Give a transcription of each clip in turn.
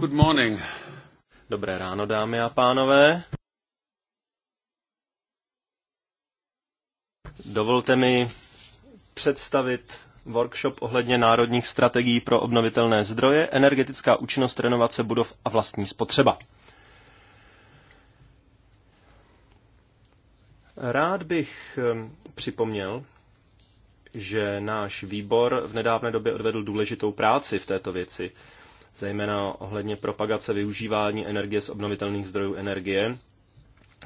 Good morning. Dobré ráno, dámy a pánové. Dovolte mi představit workshop ohledně národních strategií pro obnovitelné zdroje, energetická účinnost renovace budov a vlastní spotřeba. Rád bych připomněl, že náš výbor v nedávné době odvedl důležitou práci v této věci zejména ohledně propagace využívání energie z obnovitelných zdrojů energie,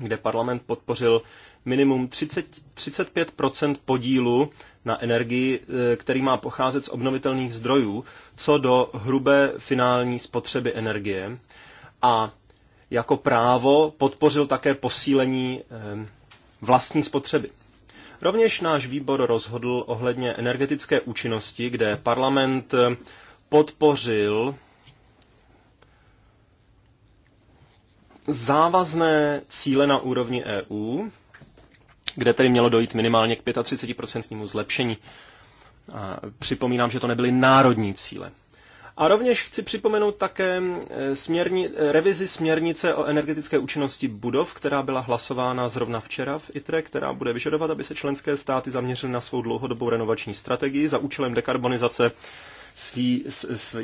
kde parlament podpořil minimum 30, 35 podílu na energii, eh, který má pocházet z obnovitelných zdrojů, co do hrubé finální spotřeby energie. A jako právo podpořil také posílení eh, vlastní spotřeby. Rovněž náš výbor rozhodl ohledně energetické účinnosti, kde parlament eh, podpořil závazné cíle na úrovni EU, kde tedy mělo dojít minimálně k 35% zlepšení. A připomínám, že to nebyly národní cíle. A rovněž chci připomenout také eh, směrni, eh, revizi směrnice o energetické účinnosti budov, která byla hlasována zrovna včera v ITRE, která bude vyžadovat, aby se členské státy zaměřily na svou dlouhodobou renovační strategii za účelem dekarbonizace svý,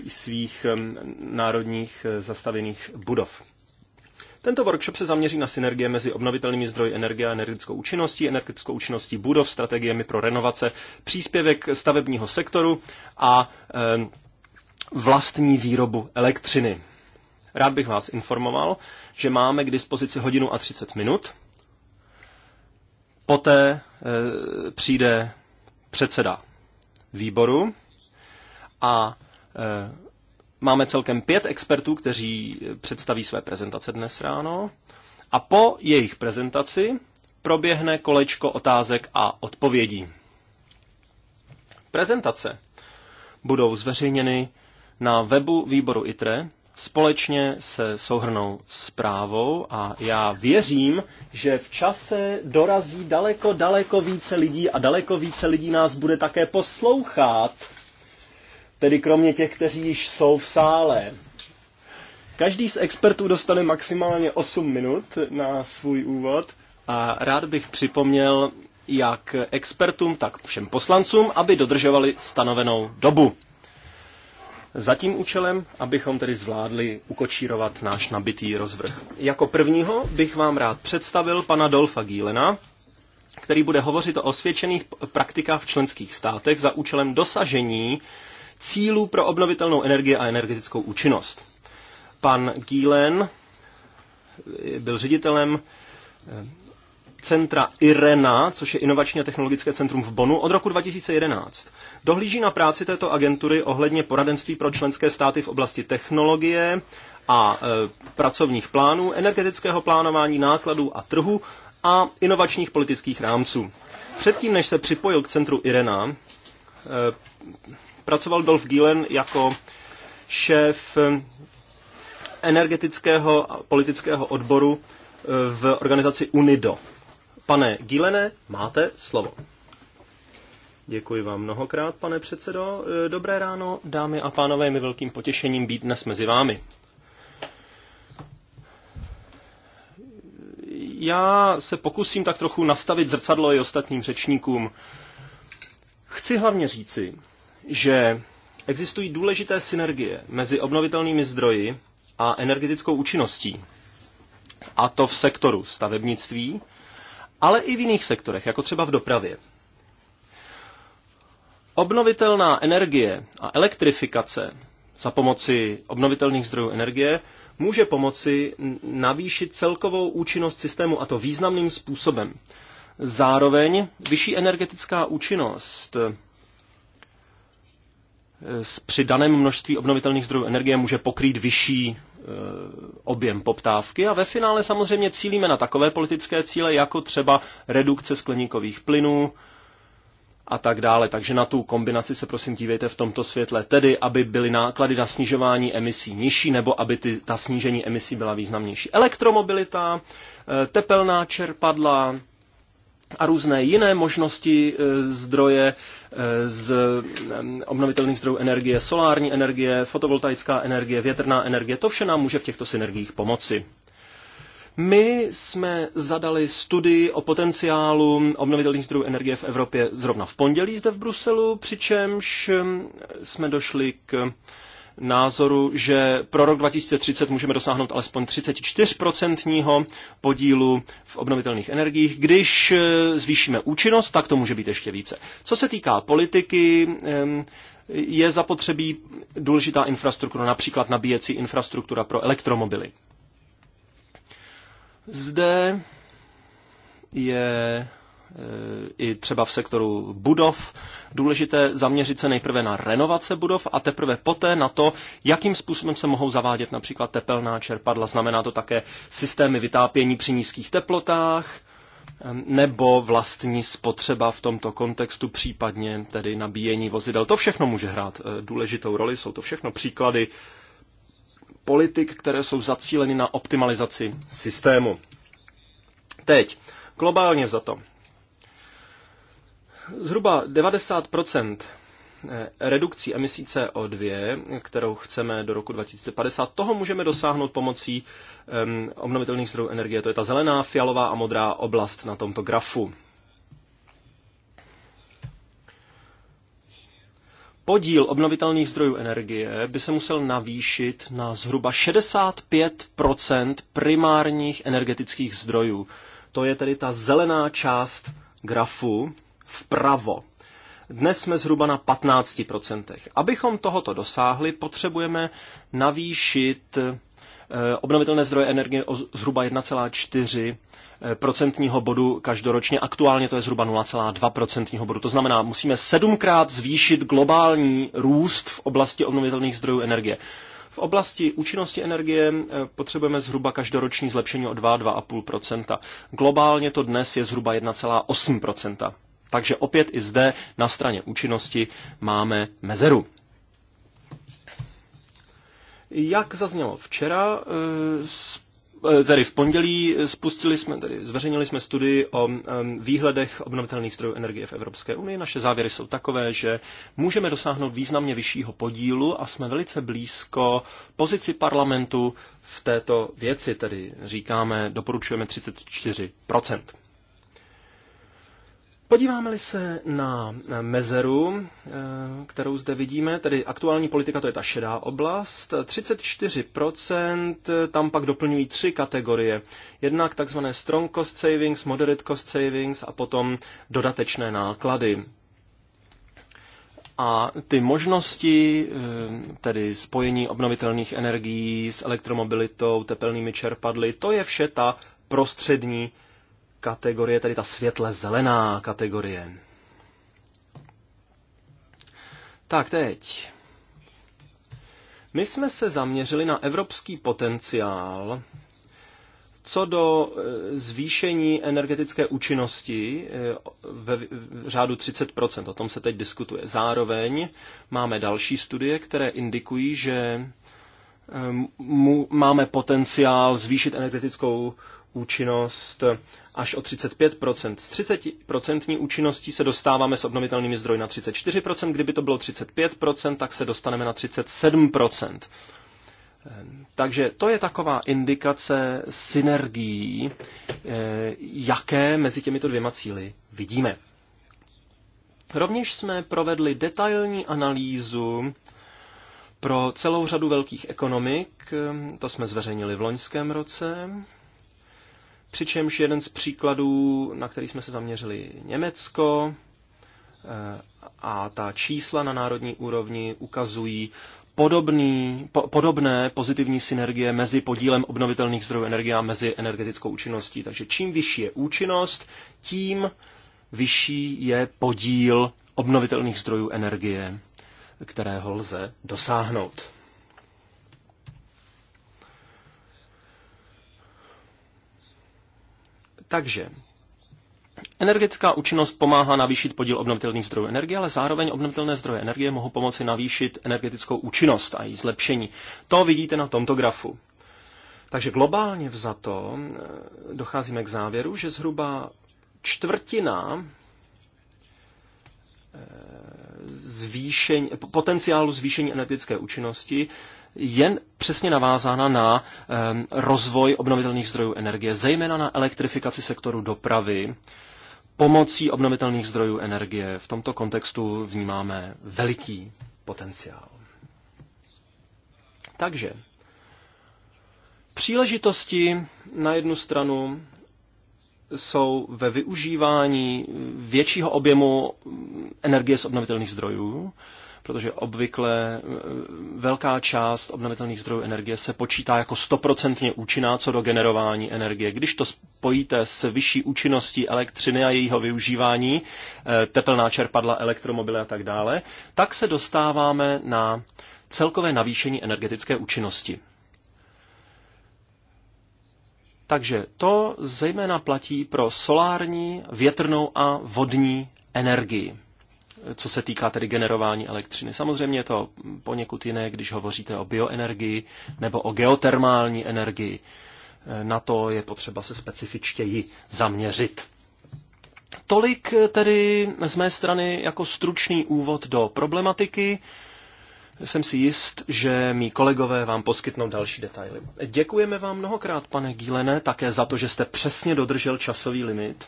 svých eh, národních zastavěných budov. Tento workshop se zaměří na synergie mezi obnovitelnými zdroji energie a energetickou účinností, energetickou účinností budov, strategiemi pro renovace, příspěvek stavebního sektoru a e, vlastní výrobu elektřiny. Rád bych vás informoval, že máme k dispozici hodinu a 30 minut. Poté e, přijde předseda výboru a e, Máme celkem pět expertů, kteří představí své prezentace dnes ráno. A po jejich prezentaci proběhne kolečko otázek a odpovědí. Prezentace budou zveřejněny na webu výboru ITRE společně se souhrnou zprávou a já věřím, že v čase dorazí daleko, daleko více lidí a daleko více lidí nás bude také poslouchat tedy kromě těch, kteří již jsou v sále. Každý z expertů dostane maximálně 8 minut na svůj úvod a rád bych připomněl jak expertům, tak všem poslancům, aby dodržovali stanovenou dobu. Za tím účelem, abychom tedy zvládli ukočírovat náš nabitý rozvrh. Jako prvního bych vám rád představil pana Dolfa Gílena, který bude hovořit o osvědčených praktikách v členských státech za účelem dosažení cílů pro obnovitelnou energii a energetickou účinnost. Pan Gílen eh, byl ředitelem eh, centra IRENA, což je Inovační a technologické centrum v Bonu, od roku 2011. Dohlíží na práci této agentury ohledně poradenství pro členské státy v oblasti technologie a e, pracovních plánů, energetického plánování nákladů a trhu a inovačních politických rámců. Předtím, než se připojil k centru IRENA, e, Pracoval Dolf Gielen jako šéf eh, energetického a politického odboru eh, v organizaci UNIDO. Pane Gilene, máte slovo. Děkuji vám mnohokrát, pane předsedo. Eh, dobré ráno, dámy a pánové, mi velkým potěšením být dnes mezi vámi. Já se pokusím tak trochu nastavit zrcadlo i ostatním řečníkům. Chci hlavně říci, že existují důležité synergie mezi obnovitelnými zdroji a energetickou účinností. A to v sektoru stavebnictví, ale i v jiných sektorech, jako třeba v dopravě. Obnovitelná energie a elektrifikace za pomoci obnovitelných zdrojů energie může pomoci navýšit celkovou účinnost systému a to významným způsobem. Zároveň vyšší energetická účinnost s přidaném množství obnovitelných zdrojů energie může pokrýt vyšší e, objem poptávky a ve finále samozřejmě cílíme na takové politické cíle, jako třeba redukce skleníkových plynů a tak dále. Takže na tu kombinaci se prosím dívejte v tomto světle, tedy aby byly náklady na snižování emisí nižší nebo aby ty, ta snížení emisí byla významnější. Elektromobilita, e, tepelná čerpadla, a různé jiné možnosti e, zdroje e, z obnovitelných zdrojů energie, solární energie, fotovoltaická energie, větrná energie, to vše nám může v těchto synergiích pomoci. My jsme zadali studii o potenciálu obnovitelných zdrojů energie v Evropě zrovna v pondělí zde v Bruselu, přičemž jsme došli k názoru, že pro rok 2030 můžeme dosáhnout alespoň 34% podílu v obnovitelných energiích. Když eh, zvýšíme účinnost, tak to může být ještě více. Co se týká politiky, je zapotřebí důležitá infrastruktura, například nabíjecí infrastruktura pro elektromobily. Zde je i třeba v sektoru budov. Důležité zaměřit se nejprve na renovace budov a teprve poté na to, jakým způsobem se mohou zavádět například tepelná čerpadla. Znamená to také systémy vytápění při nízkých teplotách nebo vlastní spotřeba v tomto kontextu, případně tedy nabíjení vozidel. To všechno může hrát eh, důležitou roli, jsou to všechno příklady politik, které jsou zacíleny na optimalizaci systému. Teď, globálně za to. Zhruba 90 eh, redukcí emisí CO2, kterou chceme do roku 2050, toho můžeme dosáhnout pomocí um, obnovitelných zdrojů energie. To je ta zelená, fialová a modrá oblast na tomto grafu. Podíl obnovitelných zdrojů energie by se musel navýšit na zhruba 65 primárních energetických zdrojů. To je tedy ta zelená část grafu, vpravo. Dnes jsme zhruba na 15%. Abychom tohoto dosáhli, potřebujeme navýšit eh, obnovitelné zdroje energie o zhruba 1,4 procentního bodu každoročně. Aktuálně to je zhruba 0,2 procentního bodu. To znamená, musíme sedmkrát zvýšit globální růst v oblasti obnovitelných zdrojů energie. V oblasti účinnosti energie eh, potřebujeme zhruba každoroční zlepšení o 2-2,5 Globálně to dnes je zhruba 1,8 takže opět i zde na straně účinnosti máme mezeru. Jak zaznělo včera, eh, eh, tedy v pondělí spustili jsme, tedy zveřejnili jsme studii o výhledech obnovitelných zdrojů energie v Evropské unii. Naše závěry jsou takové, že můžeme dosáhnout významně vyššího podílu a jsme velice blízko pozici parlamentu v této věci, tedy říkáme, doporučujeme 34%. Podíváme-li se na mezeru, eh, kterou zde vidíme, tedy aktuální politika, to je ta šedá oblast, 34%, eh, tam pak doplňují tři kategorie. Jednak takzvané strong cost savings, moderate cost savings a potom dodatečné náklady. A ty možnosti, eh, tedy spojení obnovitelných energií s elektromobilitou, tepelnými čerpadly, to je vše ta prostřední kategorie, tedy ta světle zelená kategorie. Tak teď. My jsme se zaměřili na evropský potenciál co do e, zvýšení energetické účinnosti e, ve řádu 30%, o tom se teď diskutuje. Zároveň máme další studie, které indikují, že e, máme potenciál zvýšit energetickou účinnost až o 35%. S 30% účinností se dostáváme s obnovitelnými zdroji na 34%, kdyby to bylo 35%, tak se dostaneme na 37%. Takže to je taková indikace synergií, eh, jaké mezi těmito dvěma cíly vidíme. Rovněž jsme provedli detailní analýzu pro celou řadu velkých ekonomik, to jsme zveřejnili v loňském roce, Přičemž jeden z příkladů, na který jsme se zaměřili, Německo eh, a ta čísla na národní úrovni ukazují podobný, po, podobné pozitivní synergie mezi podílem obnovitelných zdrojů energie a mezi energetickou účinností. Takže čím vyšší je účinnost, tím vyšší je podíl obnovitelných zdrojů energie, kterého lze dosáhnout. Takže Energetická účinnost pomáhá navýšit podíl obnovitelných zdrojů energie, ale zároveň obnovitelné zdroje energie mohou pomoci navýšit energetickou účinnost a její zlepšení. To vidíte na tomto grafu. Takže globálně vzato eh, docházíme k závěru, že zhruba čtvrtina eh, zvýšení, potenciálu zvýšení energetické účinnosti jen přesně navázána na rozvoj obnovitelných zdrojů energie, zejména na elektrifikaci sektoru dopravy pomocí obnovitelných zdrojů energie. V tomto kontextu vnímáme veliký potenciál. Takže příležitosti na jednu stranu jsou ve využívání většího objemu energie z obnovitelných zdrojů, protože obvykle e, velká část obnovitelných zdrojů energie se počítá jako stoprocentně účinná co do generování energie. Když to spojíte s vyšší účinností elektřiny a jejího využívání, e, tepelná čerpadla, elektromobily a tak dále, tak se dostáváme na celkové navýšení energetické účinnosti. Takže to zejména platí pro solární, větrnou a vodní energii co se týká tedy generování elektřiny. Samozřejmě je to poněkud jiné, když hovoříte o bioenergii nebo o geotermální energii. Na to je potřeba se specifičtěji zaměřit. Tolik tedy z mé strany jako stručný úvod do problematiky. Jsem si jist, že mý kolegové vám poskytnou další detaily. Děkujeme vám mnohokrát, pane Gílené, také za to, že jste přesně dodržel časový limit.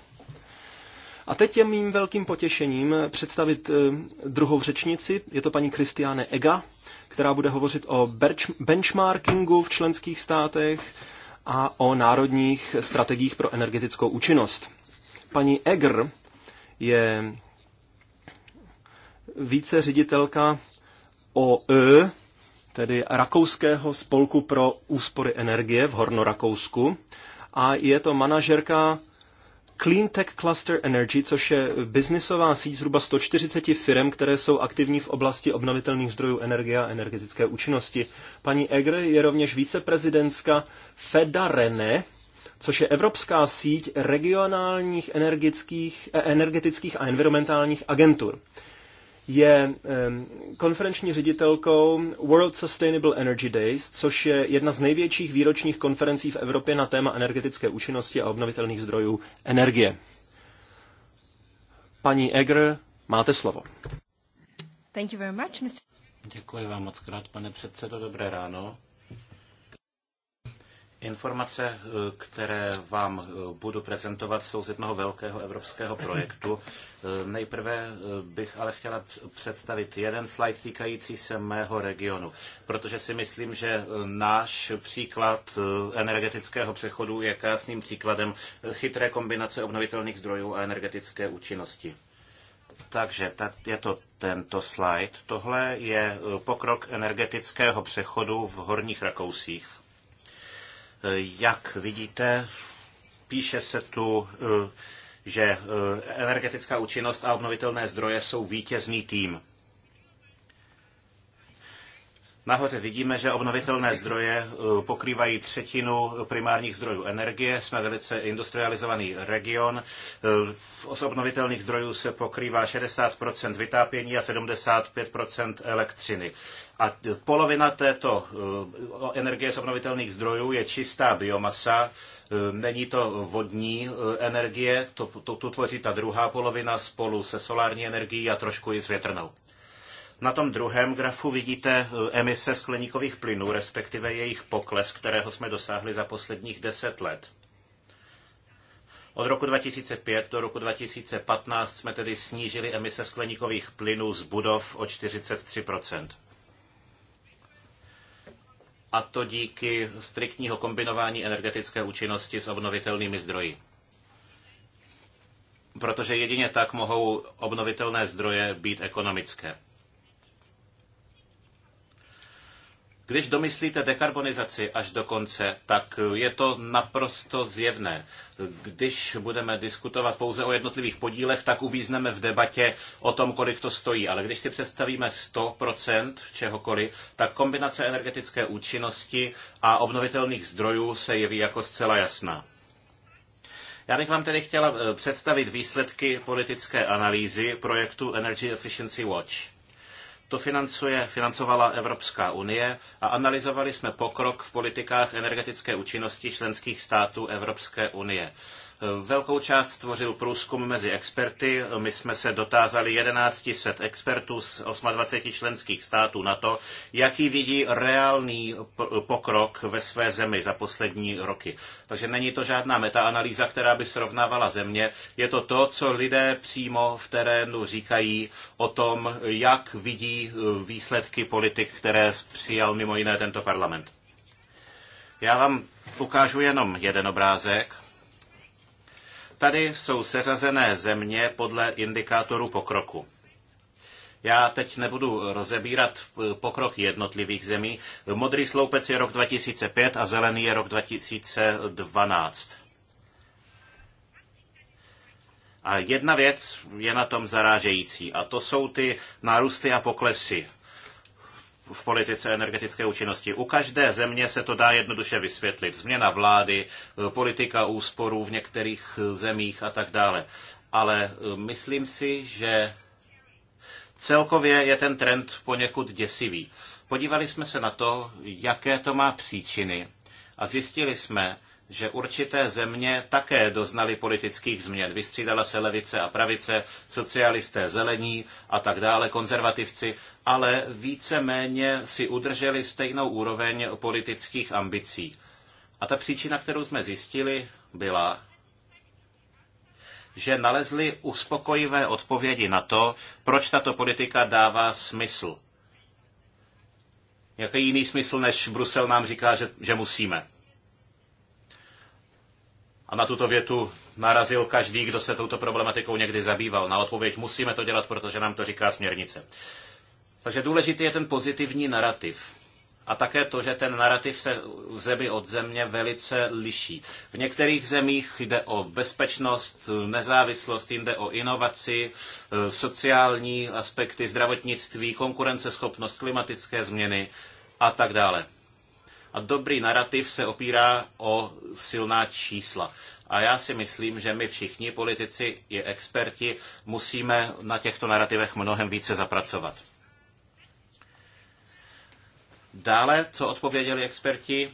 A teď je mým velkým potěšením představit eh, druhou řečnici, je to paní Kristiáne Ega, která bude hovořit o benchmarkingu v členských státech a o národních strategiích pro energetickou účinnost. Paní Egr je více ředitelka OE, tedy Rakouského spolku pro úspory energie v Hornorakousku, a je to manažerka Clean Tech Cluster Energy, což je biznisová síť zhruba 140 firm, které jsou aktivní v oblasti obnovitelných zdrojů energie a energetické účinnosti. Paní Egre je rovněž viceprezidentka Fedarene, což je Evropská síť regionálních e, energetických a environmentálních agentur je konferenční ředitelkou World Sustainable Energy Days, což je jedna z největších výročních konferencí v Evropě na téma energetické účinnosti a obnovitelných zdrojů energie. Paní Egger, máte slovo. Thank you very much, Mr. Děkuji vám moc krát, pane předsedo. Dobré ráno. Informace, eh, které vám eh, budu prezentovat, jsou z jednoho velkého evropského projektu. Eh, nejprve bych ale chtěla představit jeden slide týkající se mého regionu, protože si myslím, že náš příklad energetického přechodu je krásným příkladem chytré kombinace obnovitelných zdrojů a energetické účinnosti. Takže je to tento slide. Tohle je pokrok energetického přechodu v Horních Rakousích jak vidíte, píše se tu, eh, že eh, energetická účinnost a obnovitelné zdroje jsou vítězný tým. Nahoře vidíme, že obnovitelné zdroje eh, pokrývají třetinu primárních zdrojů energie. Jsme velice industrializovaný region. Z obnovitelných zdrojů se pokrývá 60 vytápění a 75 elektřiny. A polovina této eh, energie z obnovitelných zdrojů je čistá biomasa, eh, není to vodní eh, energie, to, to, tu tvoří ta druhá polovina spolu se solární energií a trošku i s větrnou. Na tom druhém grafu vidíte emise skleníkových plynů, respektive jejich pokles, kterého jsme dosáhli za posledních deset let. Od roku 2005 do roku 2015 jsme tedy snížili emise skleníkových plynů z budov o 43 a to díky striktního kombinování energetické účinnosti s obnovitelnými zdroji. Protože jedině tak mohou obnovitelné zdroje být ekonomické. Když domyslíte dekarbonizaci až do konce, tak je to naprosto zjevné. Když budeme diskutovat pouze o jednotlivých podílech, tak uvízneme v debatě o tom, kolik to stojí. Ale když si představíme 100% čehokoliv, tak kombinace energetické účinnosti a obnovitelných zdrojů se jeví jako zcela jasná. Já bych vám tedy chtěla eh, představit výsledky politické analýzy projektu Energy Efficiency Watch. To financuje, financovala Evropská unie a analyzovali jsme pokrok v politikách energetické účinnosti členských států Evropské unie. Velkou část tvořil průzkum mezi experty. My jsme se dotázali 1100 expertů z 28 členských států na to, jaký vidí reálný pokrok ve své zemi za poslední roky. Takže není to žádná metaanalýza, která by srovnávala země. Je to to, co lidé přímo v terénu říkají o tom, jak vidí e, výsledky politik, které přijal mimo jiné tento parlament. Já vám ukážu jenom jeden obrázek. Tady jsou seřazené země podle indikátoru pokroku. Já teď nebudu rozebírat eh, pokrok jednotlivých zemí. Modrý sloupec je rok 2005 a zelený je rok 2012. A jedna věc je na tom zarážející, a to jsou ty nárůsty a poklesy v politice energetické účinnosti. U každé země se to dá jednoduše vysvětlit. Změna vlády, eh, politika úsporů v některých eh, zemích a tak dále. Ale eh, myslím si, že celkově je ten trend poněkud děsivý. Podívali jsme se na to, jaké to má příčiny a zjistili jsme, že určité země také doznaly politických změn. Vystřídala se levice a pravice, socialisté, zelení a tak dále, konzervativci, ale víceméně si udrželi stejnou úroveň politických ambicí. A ta příčina, kterou jsme zjistili, byla, že nalezli uspokojivé odpovědi na to, proč tato politika dává smysl. Jaký jiný smysl, než Brusel nám říká, že, že musíme. A na tuto větu narazil každý, kdo se touto problematikou někdy zabýval. Na odpověď musíme to dělat, protože nám to říká směrnice. Takže důležitý je ten pozitivní narrativ. A také to, že ten narrativ se v zemi od země velice liší. V některých zemích jde o bezpečnost, nezávislost, jde o inovaci, sociální aspekty, zdravotnictví, konkurenceschopnost, klimatické změny a tak dále. A dobrý narrativ se opírá o silná čísla. A já si myslím, že my všichni, politici i experti, musíme na těchto narrativech mnohem více zapracovat. Dále, co odpověděli experti,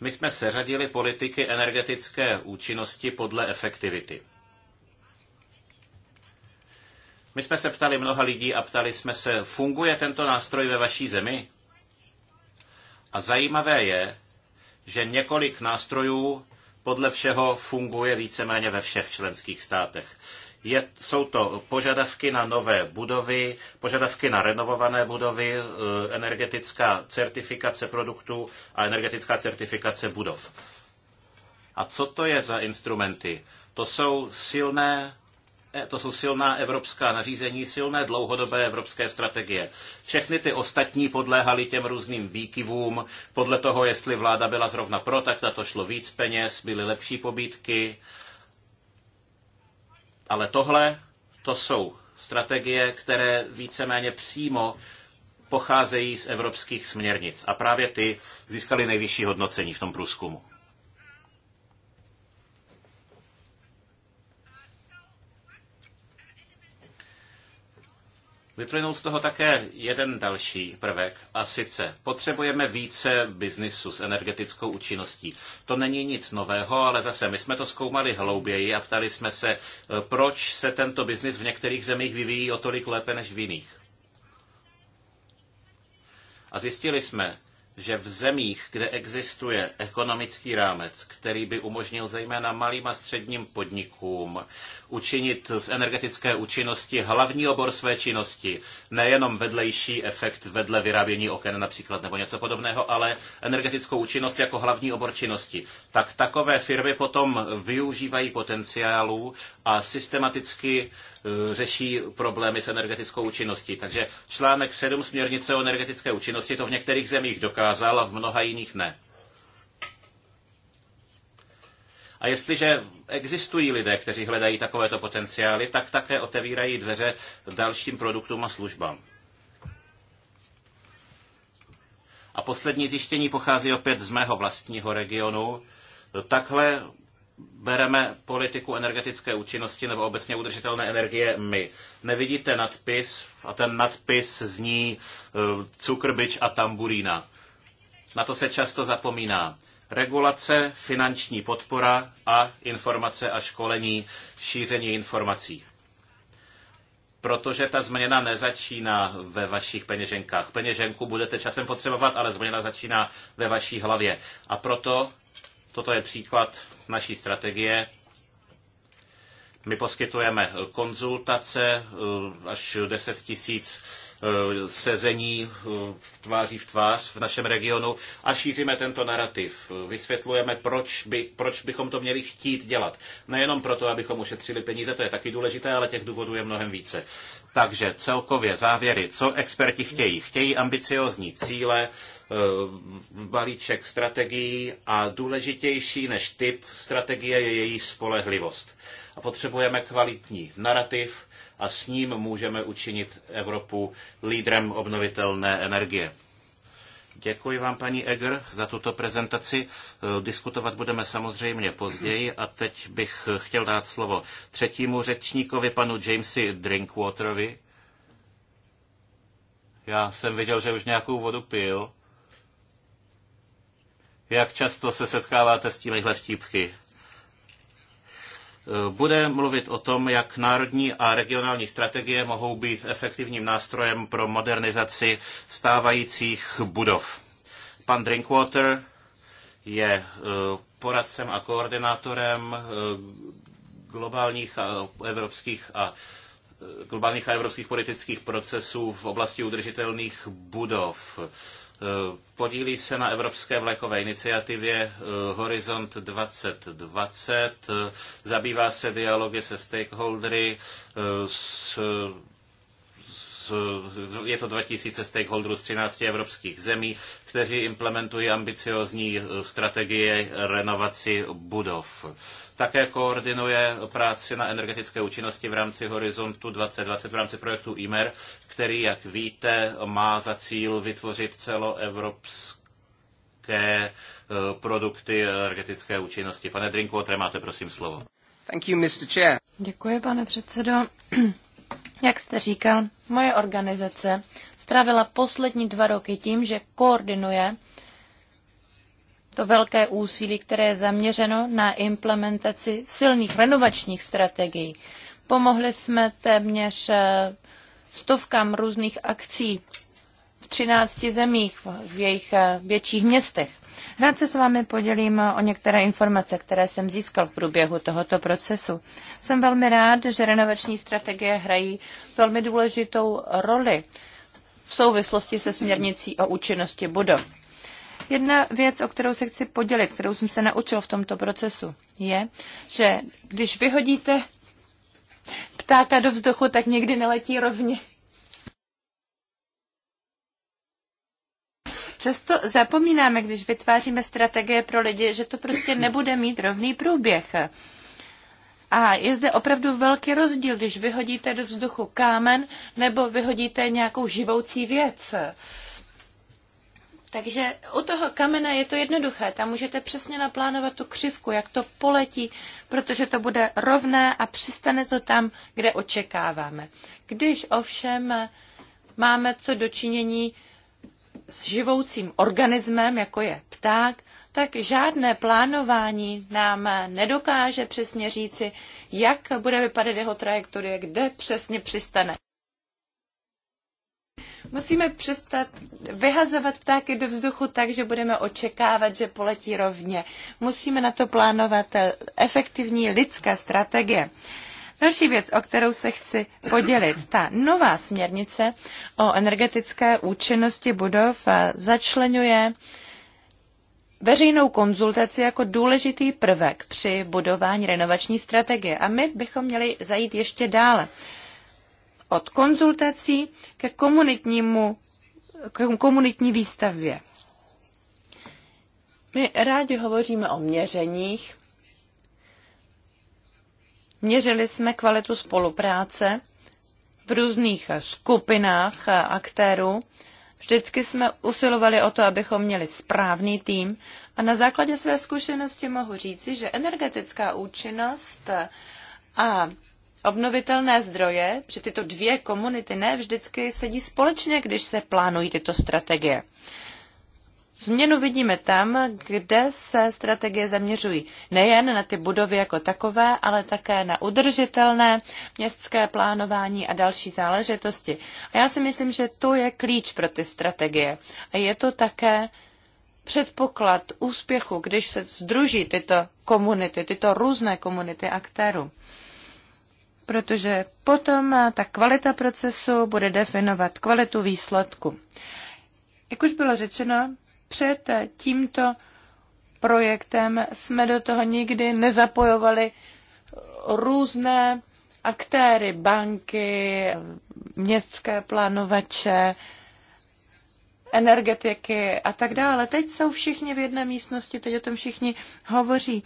my jsme seřadili politiky energetické účinnosti podle efektivity. My jsme se ptali mnoha lidí a ptali jsme se, funguje tento nástroj ve vaší zemi? A zajímavé je, že několik nástrojů podle všeho funguje víceméně ve všech členských státech. Je, jsou to požadavky na nové budovy, požadavky na renovované budovy, e, energetická certifikace produktů a energetická certifikace budov. A co to je za instrumenty? To jsou silné Eh, to jsou silná evropská nařízení, silné dlouhodobé evropské strategie. Všechny ty ostatní podléhaly těm různým výkivům, podle toho, jestli vláda byla zrovna pro, tak na to šlo víc peněz, byly lepší pobídky. Ale tohle, to jsou strategie, které víceméně přímo pocházejí z evropských směrnic. A právě ty získaly nejvyšší hodnocení v tom průzkumu. Vyplynul z toho také jeden další prvek, a sice potřebujeme více biznisu s energetickou účinností. To není nic nového, ale zase my jsme to zkoumali hlouběji a ptali jsme se, e, proč se tento biznis v některých zemích vyvíjí o tolik lépe než v jiných. A zjistili jsme, že v zemích, kde existuje ekonomický rámec, který by umožnil zejména malým a středním podnikům učinit z energetické účinnosti hlavní obor své činnosti, nejenom vedlejší efekt vedle vyrábění oken například nebo něco podobného, ale energetickou účinnost jako hlavní obor činnosti, tak takové firmy potom využívají potenciálu a systematicky Eh, řeší problémy s energetickou účinností. Takže článek 7 směrnice o energetické účinnosti to v některých zemích dokázal a v mnoha jiných ne. A jestliže existují lidé, kteří hledají takovéto potenciály, tak také otevírají dveře dalším produktům a službám. A poslední zjištění pochází opět z mého vlastního regionu. Takhle bereme politiku energetické účinnosti nebo obecně udržitelné energie my. Nevidíte nadpis a ten nadpis zní e, cukrbič a tamburína. Na to se často zapomíná. Regulace, finanční podpora a informace a školení, šíření informací protože ta změna nezačíná ve vašich peněženkách. Peněženku budete časem potřebovat, ale změna začíná ve vaší hlavě. A proto toto je příklad naší strategie. My poskytujeme konzultace eh, až 10 tisíc eh, sezení eh, tváří v tvář v našem regionu a šíříme tento narrativ. Vysvětlujeme, proč, by, proč bychom to měli chtít dělat. Nejenom proto, abychom ušetřili peníze, to je taky důležité, ale těch důvodů je mnohem více. Takže celkově závěry, co experti chtějí. Chtějí ambiciozní cíle, Eh, balíček strategií a důležitější než typ strategie je její spolehlivost. A potřebujeme kvalitní narrativ a s ním můžeme učinit Evropu lídrem obnovitelné energie. Děkuji vám, paní Eger, za tuto prezentaci. Eh, diskutovat budeme samozřejmě později a teď bych chtěl dát slovo třetímu řečníkovi, panu Jamesi Drinkwaterovi. Já jsem viděl, že už nějakou vodu pil. Jak často se setkáváte s tímhle štípky? Bude mluvit o tom, jak národní a regionální strategie mohou být efektivním nástrojem pro modernizaci stávajících budov. Pan Drinkwater je e, poradcem a koordinátorem e, globálních a evropských a e, globálních a evropských politických procesů v oblasti udržitelných budov. Eh, podílí se na Evropské vlekové iniciativě eh, Horizont 2020, eh, zabývá se dialogy se stakeholdery, s je to 2000 stakeholderů z 13 evropských zemí, kteří implementují ambiciozní eh, strategie renovaci budov. Také koordinuje práci na energetické účinnosti v rámci Horizontu 2020 v rámci projektu IMER, který, jak víte, má za cíl vytvořit celoevropské eh, produkty energetické účinnosti. Pane Drinkwater, máte prosím slovo. Thank you, Mr. Chair. Děkuji, pane předsedo. Jak jste říkal, Moje organizace strávila poslední dva roky tím, že koordinuje to velké úsilí, které je zaměřeno na implementaci silných renovačních strategií. Pomohli jsme téměř eh, stovkám různých akcí v 13 zemích, v jejich eh, větších městech. Rád se s vámi podělím o některé informace, které jsem získal v průběhu tohoto procesu. Jsem velmi rád, že renovační strategie hrají velmi důležitou roli v souvislosti se směrnicí o účinnosti budov. Jedna věc, o kterou se chci podělit, kterou jsem se naučil v tomto procesu, je, že když vyhodíte ptáka do vzduchu, tak někdy neletí rovně. Často zapomínáme, když vytváříme strategie pro lidi, že to prostě nebude mít rovný průběh. A je zde opravdu velký rozdíl, když vyhodíte do vzduchu kámen nebo vyhodíte nějakou živoucí věc. Takže u toho kamene je to jednoduché. Tam můžete přesně naplánovat tu křivku, jak to poletí, protože to bude rovné a přistane to tam, kde očekáváme. Když ovšem máme co dočinění s živoucím organismem, jako je pták, tak žádné plánování nám nedokáže přesně říci, jak bude vypadat jeho trajektorie, kde přesně přistane. Musíme přestat vyhazovat ptáky do vzduchu tak, že budeme očekávat, že poletí rovně. Musíme na to plánovat eh, efektivní lidská strategie. Další věc, o kterou se chci podělit, ta nová směrnice o energetické účinnosti budov eh, začlenuje veřejnou konzultaci jako důležitý prvek při budování renovační strategie a my bychom měli zajít ještě dále. Od konzultací ke komunitnímu, k komunitní výstavbě. My rádi hovoříme o měřeních, Měřili jsme kvalitu spolupráce v různých skupinách aktérů. Vždycky jsme usilovali o to, abychom měli správný tým a na základě své zkušenosti mohu říci, že energetická účinnost a obnovitelné zdroje, že tyto dvě komunity ne vždycky sedí společně, když se plánují tyto strategie. Změnu vidíme tam, kde se strategie zaměřují nejen na ty budovy jako takové, ale také na udržitelné městské plánování a další záležitosti. A já si myslím, že to je klíč pro ty strategie. A je to také předpoklad úspěchu, když se združí tyto komunity, tyto různé komunity aktérů. Protože potom ta kvalita procesu bude definovat kvalitu výsledku. Jak už bylo řečeno, před tímto projektem jsme do toho nikdy nezapojovali různé aktéry, banky, městské plánovače, energetiky a tak dále. Teď jsou všichni v jedné místnosti, teď o tom všichni hovoří.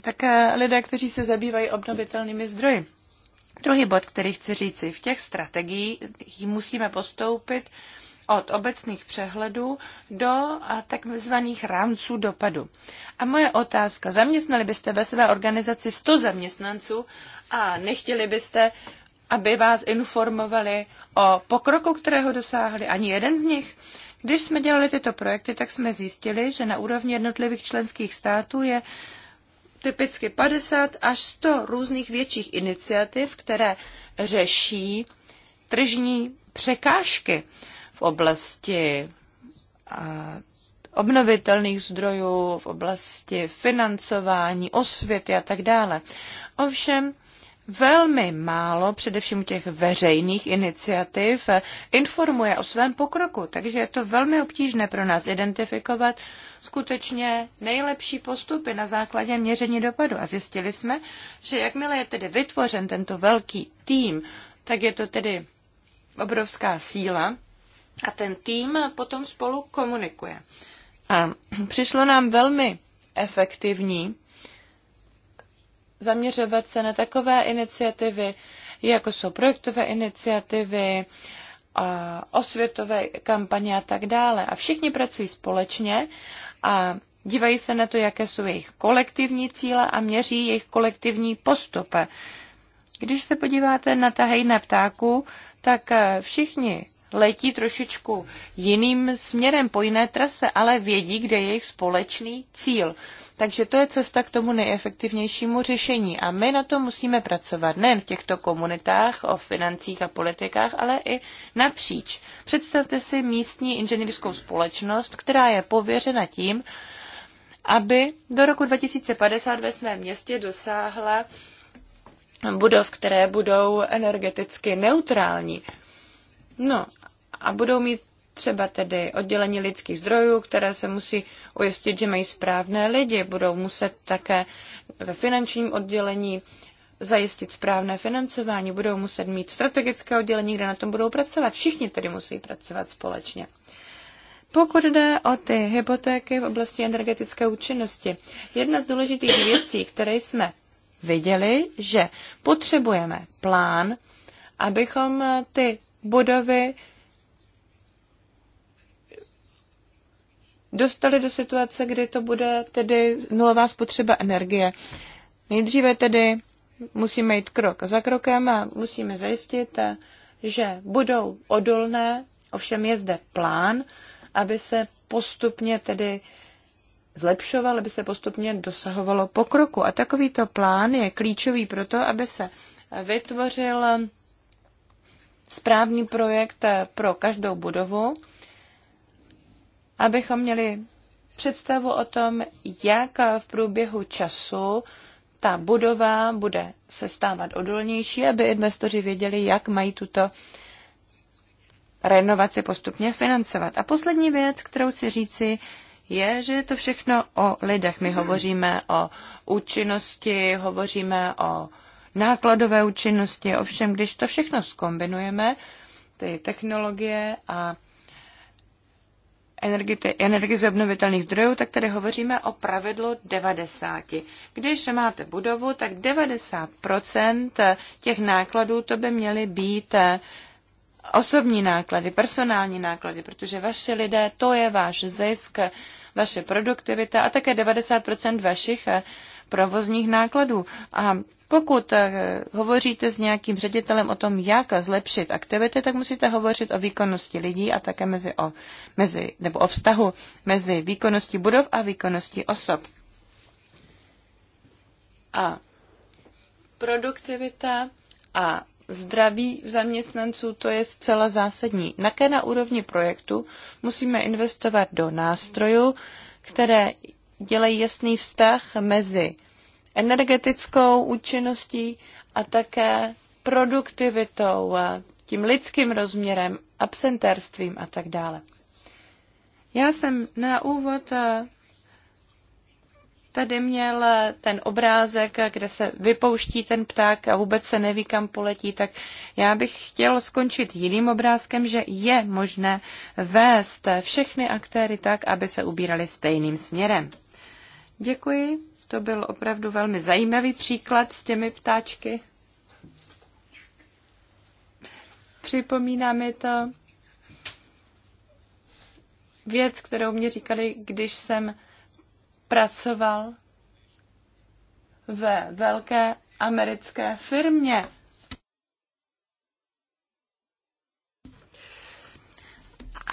Také lidé, kteří se zabývají obnovitelnými zdroji. Druhý bod, který chci říci, v těch strategiích musíme postoupit od obecných přehledů do takzvaných rámců dopadu. A moje otázka, zaměstnali byste ve své organizaci 100 zaměstnanců a nechtěli byste, aby vás informovali o pokroku, kterého dosáhli ani jeden z nich? Když jsme dělali tyto projekty, tak jsme zjistili, že na úrovni jednotlivých členských států je typicky 50 až 100 různých větších iniciativ, které řeší tržní překážky v oblasti obnovitelných zdrojů, v oblasti financování, osvěty a tak dále. Ovšem, velmi málo, především těch veřejných iniciativ, informuje o svém pokroku, takže je to velmi obtížné pro nás identifikovat skutečně nejlepší postupy na základě měření dopadu. A zjistili jsme, že jakmile je tedy vytvořen tento velký tým, tak je to tedy obrovská síla, a ten tým potom spolu komunikuje. A přišlo nám velmi efektivní zaměřovat se na takové iniciativy, jako jsou projektové iniciativy, a osvětové kampaně a tak dále. A všichni pracují společně a dívají se na to, jaké jsou jejich kolektivní cíle a měří jejich kolektivní postupy. Když se podíváte na hejna ptáku, tak všichni letí trošičku jiným směrem po jiné trase, ale vědí, kde je jejich společný cíl. Takže to je cesta k tomu nejefektivnějšímu řešení a my na to musíme pracovat nejen v těchto komunitách o financích a politikách, ale i napříč. Představte si místní inženýrskou společnost, která je pověřena tím, aby do roku 2050 ve svém městě dosáhla budov, které budou energeticky neutrální. No a budou mít třeba tedy oddělení lidských zdrojů, které se musí ujistit, že mají správné lidi. Budou muset také ve finančním oddělení zajistit správné financování, budou muset mít strategické oddělení, kde na tom budou pracovat. Všichni tedy musí pracovat společně. Pokud jde o ty hypotéky v oblasti energetické účinnosti, jedna z důležitých věcí, které jsme viděli, že potřebujeme plán, abychom ty budovy dostali do situace, kdy to bude tedy nulová spotřeba energie. Nejdříve tedy musíme jít krok za krokem a musíme zajistit, že budou odolné, ovšem je zde plán, aby se postupně tedy zlepšoval, aby se postupně dosahovalo pokroku. A takovýto plán je klíčový pro to, aby se vytvořil správný projekt pro každou budovu, abychom měli představu o tom, jak v průběhu času ta budova bude se stávat odolnější, aby investoři věděli, jak mají tuto renovaci postupně financovat. A poslední věc, kterou chci říci, je, že je to všechno o lidech. My hovoříme o účinnosti, hovoříme o nákladové účinnosti. Ovšem, když to všechno skombinujeme, ty technologie a energie z obnovitelných zdrojů, tak tady hovoříme o pravidlu 90. Když máte budovu, tak 90% těch nákladů to by měly být eh, osobní náklady, personální náklady, protože vaši lidé, to je váš zisk, vaše produktivita a také 90% vašich eh, provozních nákladů. A pokud eh, hovoříte s nějakým ředitelem o tom, jak zlepšit aktivity, tak musíte hovořit o výkonnosti lidí a také mezi o, mezi, nebo o vztahu mezi výkonností budov a výkonností osob. A produktivita a zdraví zaměstnanců, to je zcela zásadní. Také na úrovni projektu musíme investovat do nástrojů, které dělají jasný vztah mezi energetickou účinností a také produktivitou, tím lidským rozměrem, absentérstvím a tak dále. Já jsem na úvod eh, tady měl eh, ten obrázek, eh, kde se vypouští ten pták a vůbec se neví, kam poletí, tak já bych chtěl skončit jiným obrázkem, že je možné vést všechny aktéry tak, aby se ubírali stejným směrem. Děkuji. To byl opravdu velmi zajímavý příklad s těmi ptáčky. Připomíná mi to věc, kterou mě říkali, když jsem pracoval ve velké americké firmě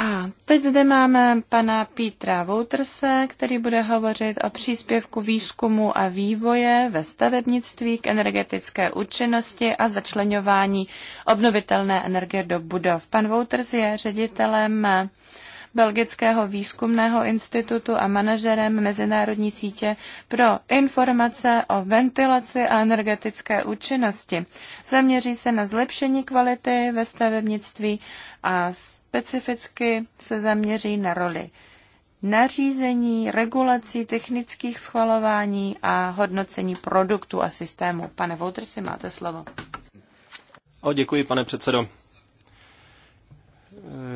A teď zde máme pana Petra Wouterse, který bude hovořit o příspěvku výzkumu a vývoje ve stavebnictví k energetické účinnosti a začlenování obnovitelné energie do budov. Pan Wouters je ředitelem Belgického výzkumného institutu a manažerem Mezinárodní sítě pro informace o ventilaci a energetické účinnosti. Zaměří se na zlepšení kvality ve stavebnictví a specificky se zaměří na roli nařízení, regulací, technických schvalování a hodnocení produktů a systému. Pane Voutr, si máte slovo. O, děkuji, pane předsedo.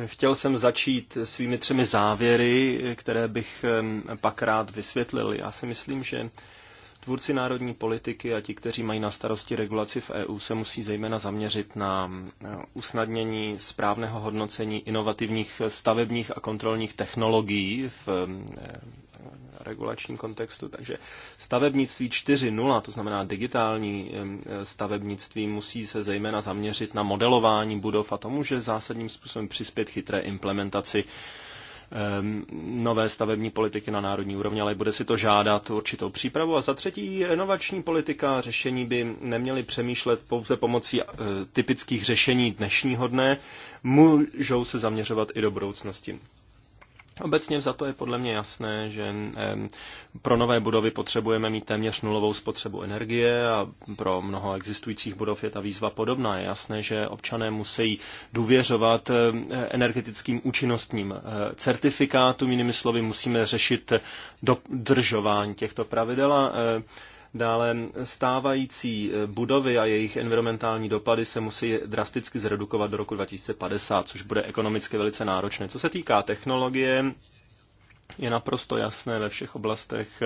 Chtěl jsem začít svými třemi závěry, které bych pak rád vysvětlil. Já si myslím, že tvůrci národní politiky a ti, kteří mají na starosti regulaci v EU, se musí zejména zaměřit na eh, usnadnění správného hodnocení inovativních stavebních a kontrolních technologií v regulačním kontextu. Takže stavebnictví 4.0, to znamená digitální stavebnictví, musí se zejména zaměřit na modelování budov a to může zásadním způsobem přispět chytré implementaci nové stavební politiky na národní úrovni, ale bude si to žádat určitou přípravu. A za třetí, renovační politika řešení by neměly přemýšlet pouze pomocí e, typických řešení dnešního dne, můžou se zaměřovat i do budoucnosti. Obecně za to je podle mě jasné, že pro nové budovy potřebujeme mít téměř nulovou spotřebu energie a pro mnoho existujících budov je ta výzva podobná. Je jasné, že občané musí důvěřovat eh, energetickým účinnostním eh, certifikátům, jinými slovy musíme řešit dodržování těchto pravidel a eh, Dále stávající eh, budovy a jejich environmentální dopady se musí drasticky zredukovat do roku 2050, což bude ekonomicky velice náročné. Co se týká technologie, je naprosto jasné ve všech oblastech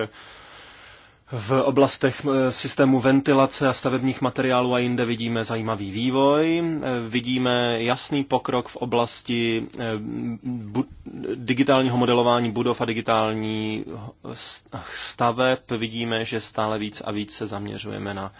v oblastech eh, systému ventilace a stavebních materiálů a jinde vidíme zajímavý vývoj. Eh, vidíme jasný pokrok v oblasti eh, digitálního modelování budov a digitální staveb. Vidíme, že stále víc a víc se zaměřujeme na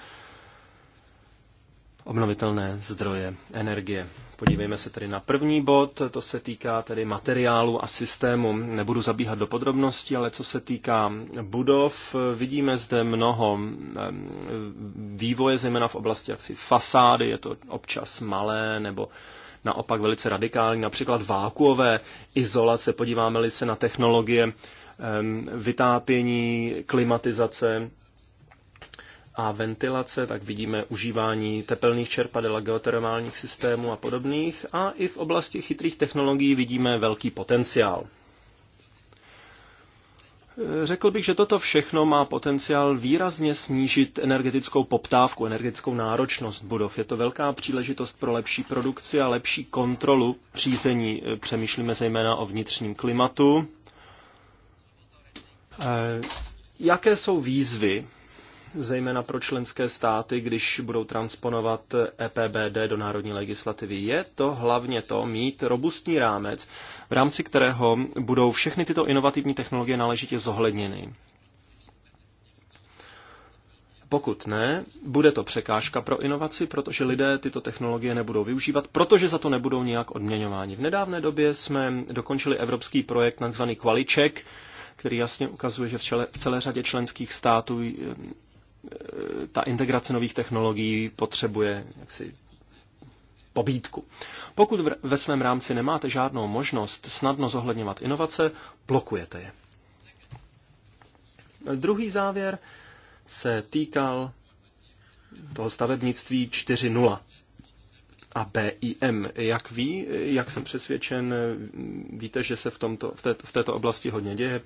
obnovitelné zdroje energie. Podívejme se tedy na první bod, to se týká tedy materiálu a systému. Nebudu zabíhat do podrobností, ale co se týká budov, vidíme zde mnoho vývoje, zejména v oblasti jaksi fasády, je to občas malé nebo naopak velice radikální, například vákuové izolace, podíváme-li se na technologie vytápění, klimatizace, a ventilace, tak vidíme užívání tepelných čerpadel a geotermálních systémů a podobných. A i v oblasti chytrých technologií vidíme velký potenciál. Řekl bych, že toto všechno má potenciál výrazně snížit energetickou poptávku, energetickou náročnost budov. Je to velká příležitost pro lepší produkci a lepší kontrolu řízení. Přemýšlíme zejména o vnitřním klimatu. Eh, jaké jsou výzvy zejména pro členské státy, když budou transponovat EPBD do národní legislativy. Je to hlavně to mít robustní rámec, v rámci kterého budou všechny tyto inovativní technologie náležitě zohledněny. Pokud ne, bude to překážka pro inovaci, protože lidé tyto technologie nebudou využívat, protože za to nebudou nijak odměňováni. V nedávné době jsme dokončili evropský projekt nazvaný Qualiček, který jasně ukazuje, že v v celé řadě členských států ta integrace nových technologií potřebuje jaksi pobídku. Pokud ve svém rámci nemáte žádnou možnost snadno zohledňovat inovace, blokujete je. Druhý závěr se týkal toho stavebnictví 4.0 a BIM. Jak ví, jak jsem přesvědčen, víte, že se v, tomto, v, té, v této oblasti hodně děje,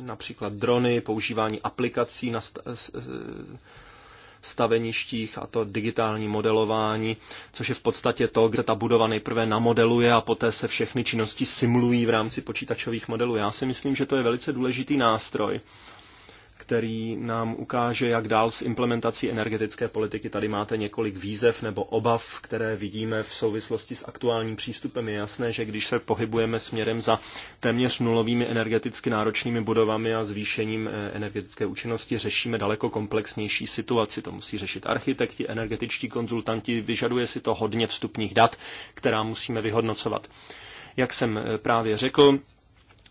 například drony, používání aplikací na staveništích a to digitální modelování, což je v podstatě to, kde ta budova nejprve namodeluje a poté se všechny činnosti simulují v rámci počítačových modelů. Já si myslím, že to je velice důležitý nástroj který nám ukáže, jak dál s implementací energetické politiky. Tady máte několik výzev nebo obav, které vidíme v souvislosti s aktuálním přístupem. Je jasné, že když se pohybujeme směrem za téměř nulovými energeticky náročnými budovami a zvýšením eh, energetické účinnosti, řešíme daleko komplexnější situaci. To musí řešit architekti, energetičtí konzultanti, vyžaduje si to hodně vstupních dat, která musíme vyhodnocovat. Jak jsem eh, právě řekl,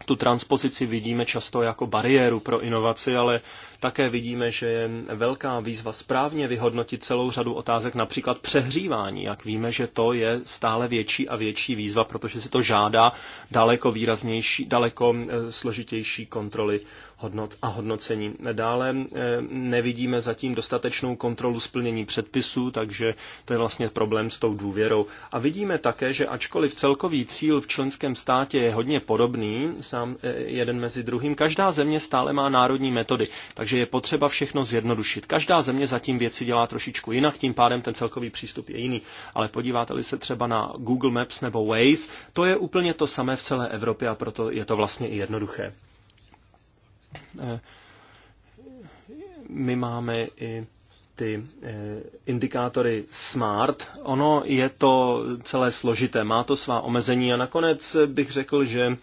tu transpozici vidíme často jako bariéru pro inovaci, ale také vidíme, že je velká výzva správně vyhodnotit celou řadu otázek, například přehřívání. Jak víme, že to je stále větší a větší výzva, protože si to žádá daleko výraznější, daleko eh, složitější kontroly hodnot a hodnocení. Dále eh, nevidíme zatím dostatečnou kontrolu splnění předpisů, takže to je vlastně problém s tou důvěrou. A vidíme také, že ačkoliv celkový cíl v členském státě je hodně podobný, sám eh, jeden mezi druhým, každá země stále má národní metody, takže je potřeba všechno zjednodušit. Každá země zatím věci dělá trošičku jinak, tím pádem ten celkový přístup je jiný. Ale podíváte-li se třeba na Google Maps nebo Waze, to je úplně to samé v celé Evropě a proto je to vlastně i jednoduché. Eh, my máme i ty eh, indikátory SMART. Ono je to celé složité, má to svá omezení a nakonec bych řekl, že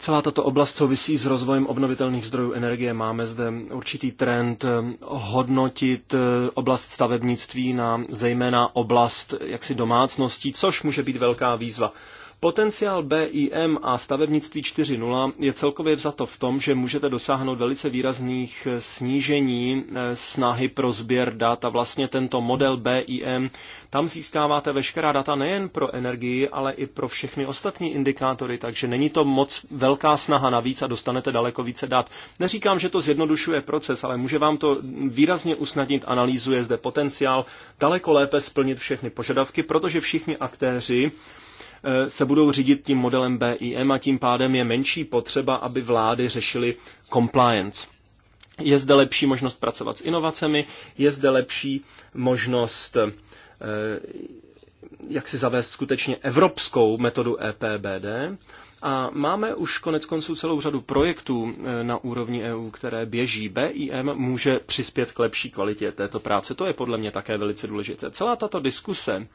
Celá tato oblast souvisí s rozvojem obnovitelných zdrojů energie. Máme zde určitý trend eh, hodnotit oblast stavebnictví na zejména oblast jaksi domácností, což může být velká výzva. Potenciál BIM a stavebnictví 4.0 je celkově vzato v tom, že můžete dosáhnout velice výrazných eh, snížení eh, snahy pro sběr dat a vlastně tento model BIM, tam získáváte veškerá data nejen pro energii, ale i pro všechny ostatní indikátory, takže není to moc velká snaha navíc a dostanete daleko více dat. Neříkám, že to zjednodušuje proces, ale může vám to výrazně usnadnit analýzu, je zde potenciál daleko lépe splnit všechny požadavky, protože všichni aktéři, Eh, se budou řídit tím modelem BIM a tím pádem je menší potřeba, aby vlády řešily compliance. Je zde lepší možnost pracovat s inovacemi, je zde lepší možnost eh, jak si zavést skutečně evropskou metodu EPBD. A máme už konec konců celou řadu projektů eh, na úrovni EU, které běží. BIM může přispět k lepší kvalitě této práce. To je podle mě také velice důležité. Celá tato diskuse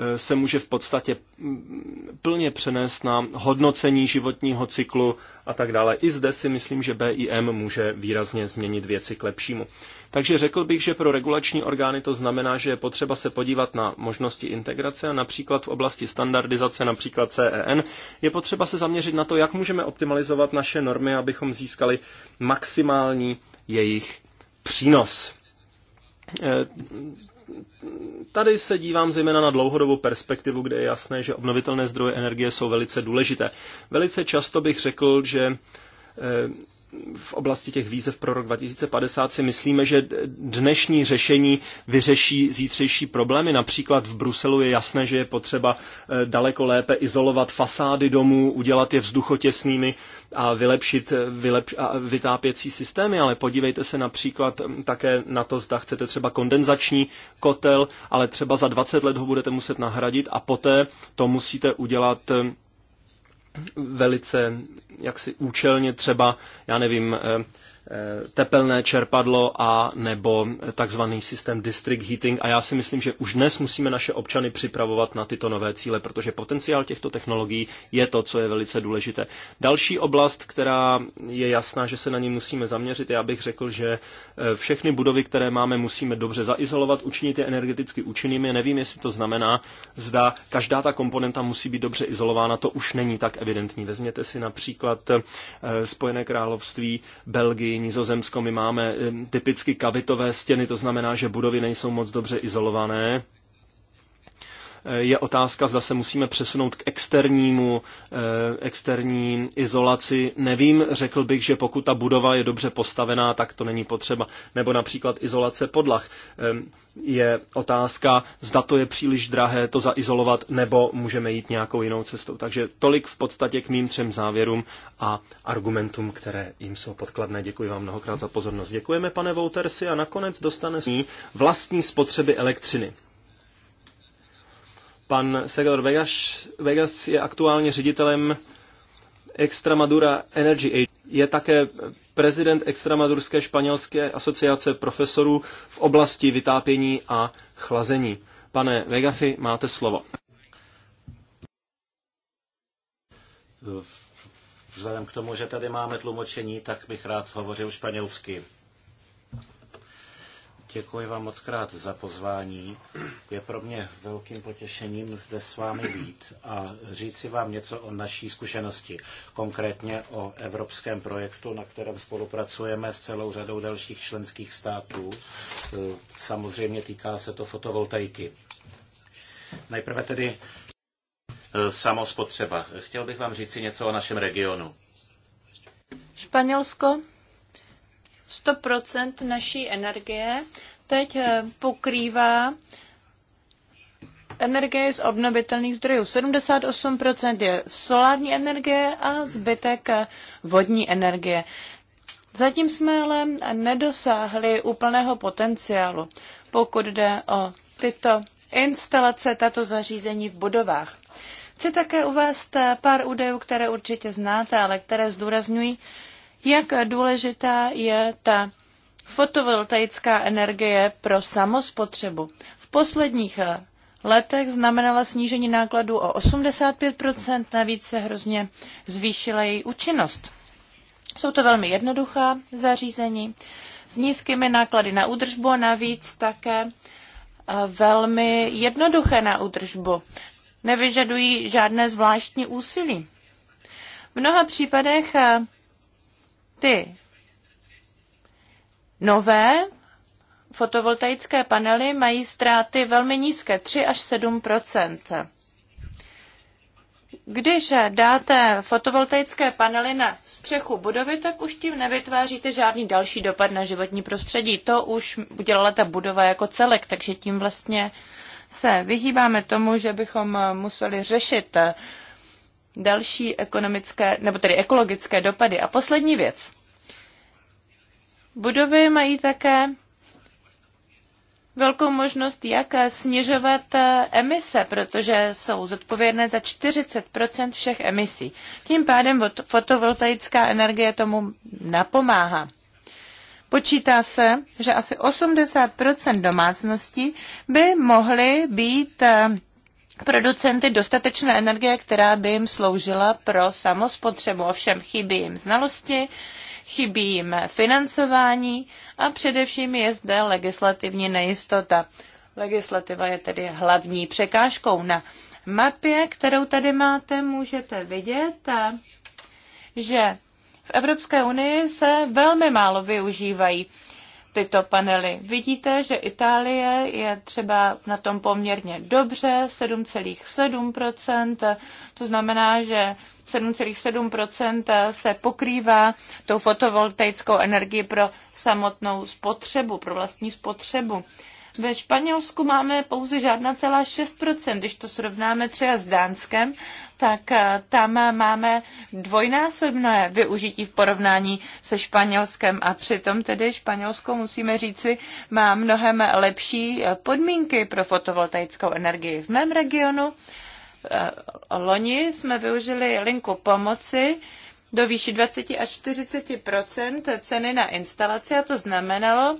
Eh, se může v podstatě mm, plně přenést na hodnocení životního cyklu a tak dále. I zde si myslím, že BIM může výrazně změnit věci k lepšímu. Takže řekl bych, že pro regulační orgány to znamená, že je potřeba se podívat na možnosti integrace a například v oblasti standardizace, například CEN, je potřeba se zaměřit na to, jak můžeme optimalizovat naše normy, abychom získali maximální jejich přínos eh, tady se dívám zejména na dlouhodobou perspektivu, kde je jasné, že obnovitelné zdroje energie jsou velice důležité. Velice často bych řekl, že eh, v oblasti těch výzev pro rok 2050 si myslíme, že dnešní řešení vyřeší zítřejší problémy. Například v Bruselu je jasné, že je potřeba eh, daleko lépe izolovat fasády domů, udělat je vzduchotěsnými a vylepšit eh, vylep, a vytápěcí systémy, ale podívejte se například hm, také na to, zda chcete třeba kondenzační kotel, ale třeba za 20 let ho budete muset nahradit a poté to musíte udělat hm, velice jaksi účelně třeba, já nevím, eh, Eh, tepelné čerpadlo a nebo takzvaný systém district heating. A já si myslím, že už dnes musíme naše občany připravovat na tyto nové cíle, protože potenciál těchto technologií je to, co je velice důležité. Další oblast, která je jasná, že se na ní musíme zaměřit, já bych řekl, že eh, všechny budovy, které máme, musíme dobře zaizolovat, učinit je energeticky účinnými. Nevím, jestli to znamená, zda každá ta komponenta musí být dobře izolována, to už není tak evidentní. Vezměte si například eh, Spojené království, Belgii, Belgii, Nizozemsko, my máme eh, typicky kavitové stěny, to znamená, že budovy nejsou moc dobře izolované je otázka, zda se musíme přesunout k externímu, eh, externí izolaci. Nevím, řekl bych, že pokud ta budova je dobře postavená, tak to není potřeba. Nebo například izolace podlah. Ehm, je otázka, zda to je příliš drahé to zaizolovat, nebo můžeme jít nějakou jinou cestou. Takže tolik v podstatě k mým třem závěrům a argumentům, které jim jsou podkladné. Děkuji vám mnohokrát za pozornost. Děkujeme, pane Woutersi, a nakonec dostane vlastní spotřeby elektřiny. Pan Segador Vegas, Vegas je aktuálně ředitelem Extramadura Energy Agency. Je také prezident Extramadurské španělské asociace profesorů v oblasti vytápění a chlazení. Pane Vegasi máte slovo. Vzhledem k tomu, že tady máme tlumočení, tak bych rád hovořil španělsky. Děkuji vám moc krát za pozvání. Je pro mě velkým potěšením zde s vámi být a říci vám něco o naší zkušenosti, konkrétně o evropském projektu, na kterém spolupracujeme s celou řadou dalších členských států. Eh, samozřejmě týká se to fotovoltaiky. Nejprve tedy eh, samospotřeba. Chtěl bych vám říci něco o našem regionu. Španělsko 100% naší energie teď eh, pokrývá energie z obnovitelných zdrojů. 78% je solární energie a zbytek eh, vodní energie. Zatím jsme ale nedosáhli úplného potenciálu, pokud jde o tyto instalace, tato zařízení v budovách. Chci také uvést eh, pár údajů, které určitě znáte, ale které zdůrazňují, jak důležitá je ta fotovoltaická energie pro samospotřebu. V posledních letech znamenala snížení nákladů o 85%, navíc se hrozně zvýšila její účinnost. Jsou to velmi jednoduchá zařízení s nízkými náklady na údržbu a navíc také eh, velmi jednoduché na údržbu. Nevyžadují žádné zvláštní úsilí. V mnoha případech eh, ty nové fotovoltaické panely mají ztráty velmi nízké, 3 až 7 Když dáte fotovoltaické panely na střechu budovy, tak už tím nevytváříte žádný další dopad na životní prostředí. To už udělala ta budova jako celek, takže tím vlastně se vyhýbáme tomu, že bychom museli řešit další ekonomické, nebo tedy ekologické dopady. A poslední věc. Budovy mají také velkou možnost, jak snižovat emise, protože jsou zodpovědné za 40 všech emisí. Tím pádem fotovoltaická energie tomu napomáhá. Počítá se, že asi 80 domácností by mohly být eh, producenty dostatečné energie, která by jim sloužila pro samospotřebu. Ovšem chybí jim znalosti, chybí jim financování a především je zde legislativní nejistota. Legislativa je tedy hlavní překážkou. Na mapě, kterou tady máte, můžete vidět, že v Evropské unii se velmi málo využívají tyto panely. Vidíte, že Itálie je třeba na tom poměrně dobře, 7,7%, to znamená, že 7,7% se pokrývá tou fotovoltaickou energii pro samotnou spotřebu, pro vlastní spotřebu. Ve Španělsku máme pouze žádná celá 6%. Když to srovnáme třeba s Dánskem, tak eh, tam máme dvojnásobné využití v porovnání se Španělskem a přitom tedy Španělsko, musíme říci, má mnohem lepší eh, podmínky pro fotovoltaickou energii v mém regionu. Eh, loni jsme využili linku pomoci, do výši 20 až 40 ceny na instalaci a to znamenalo,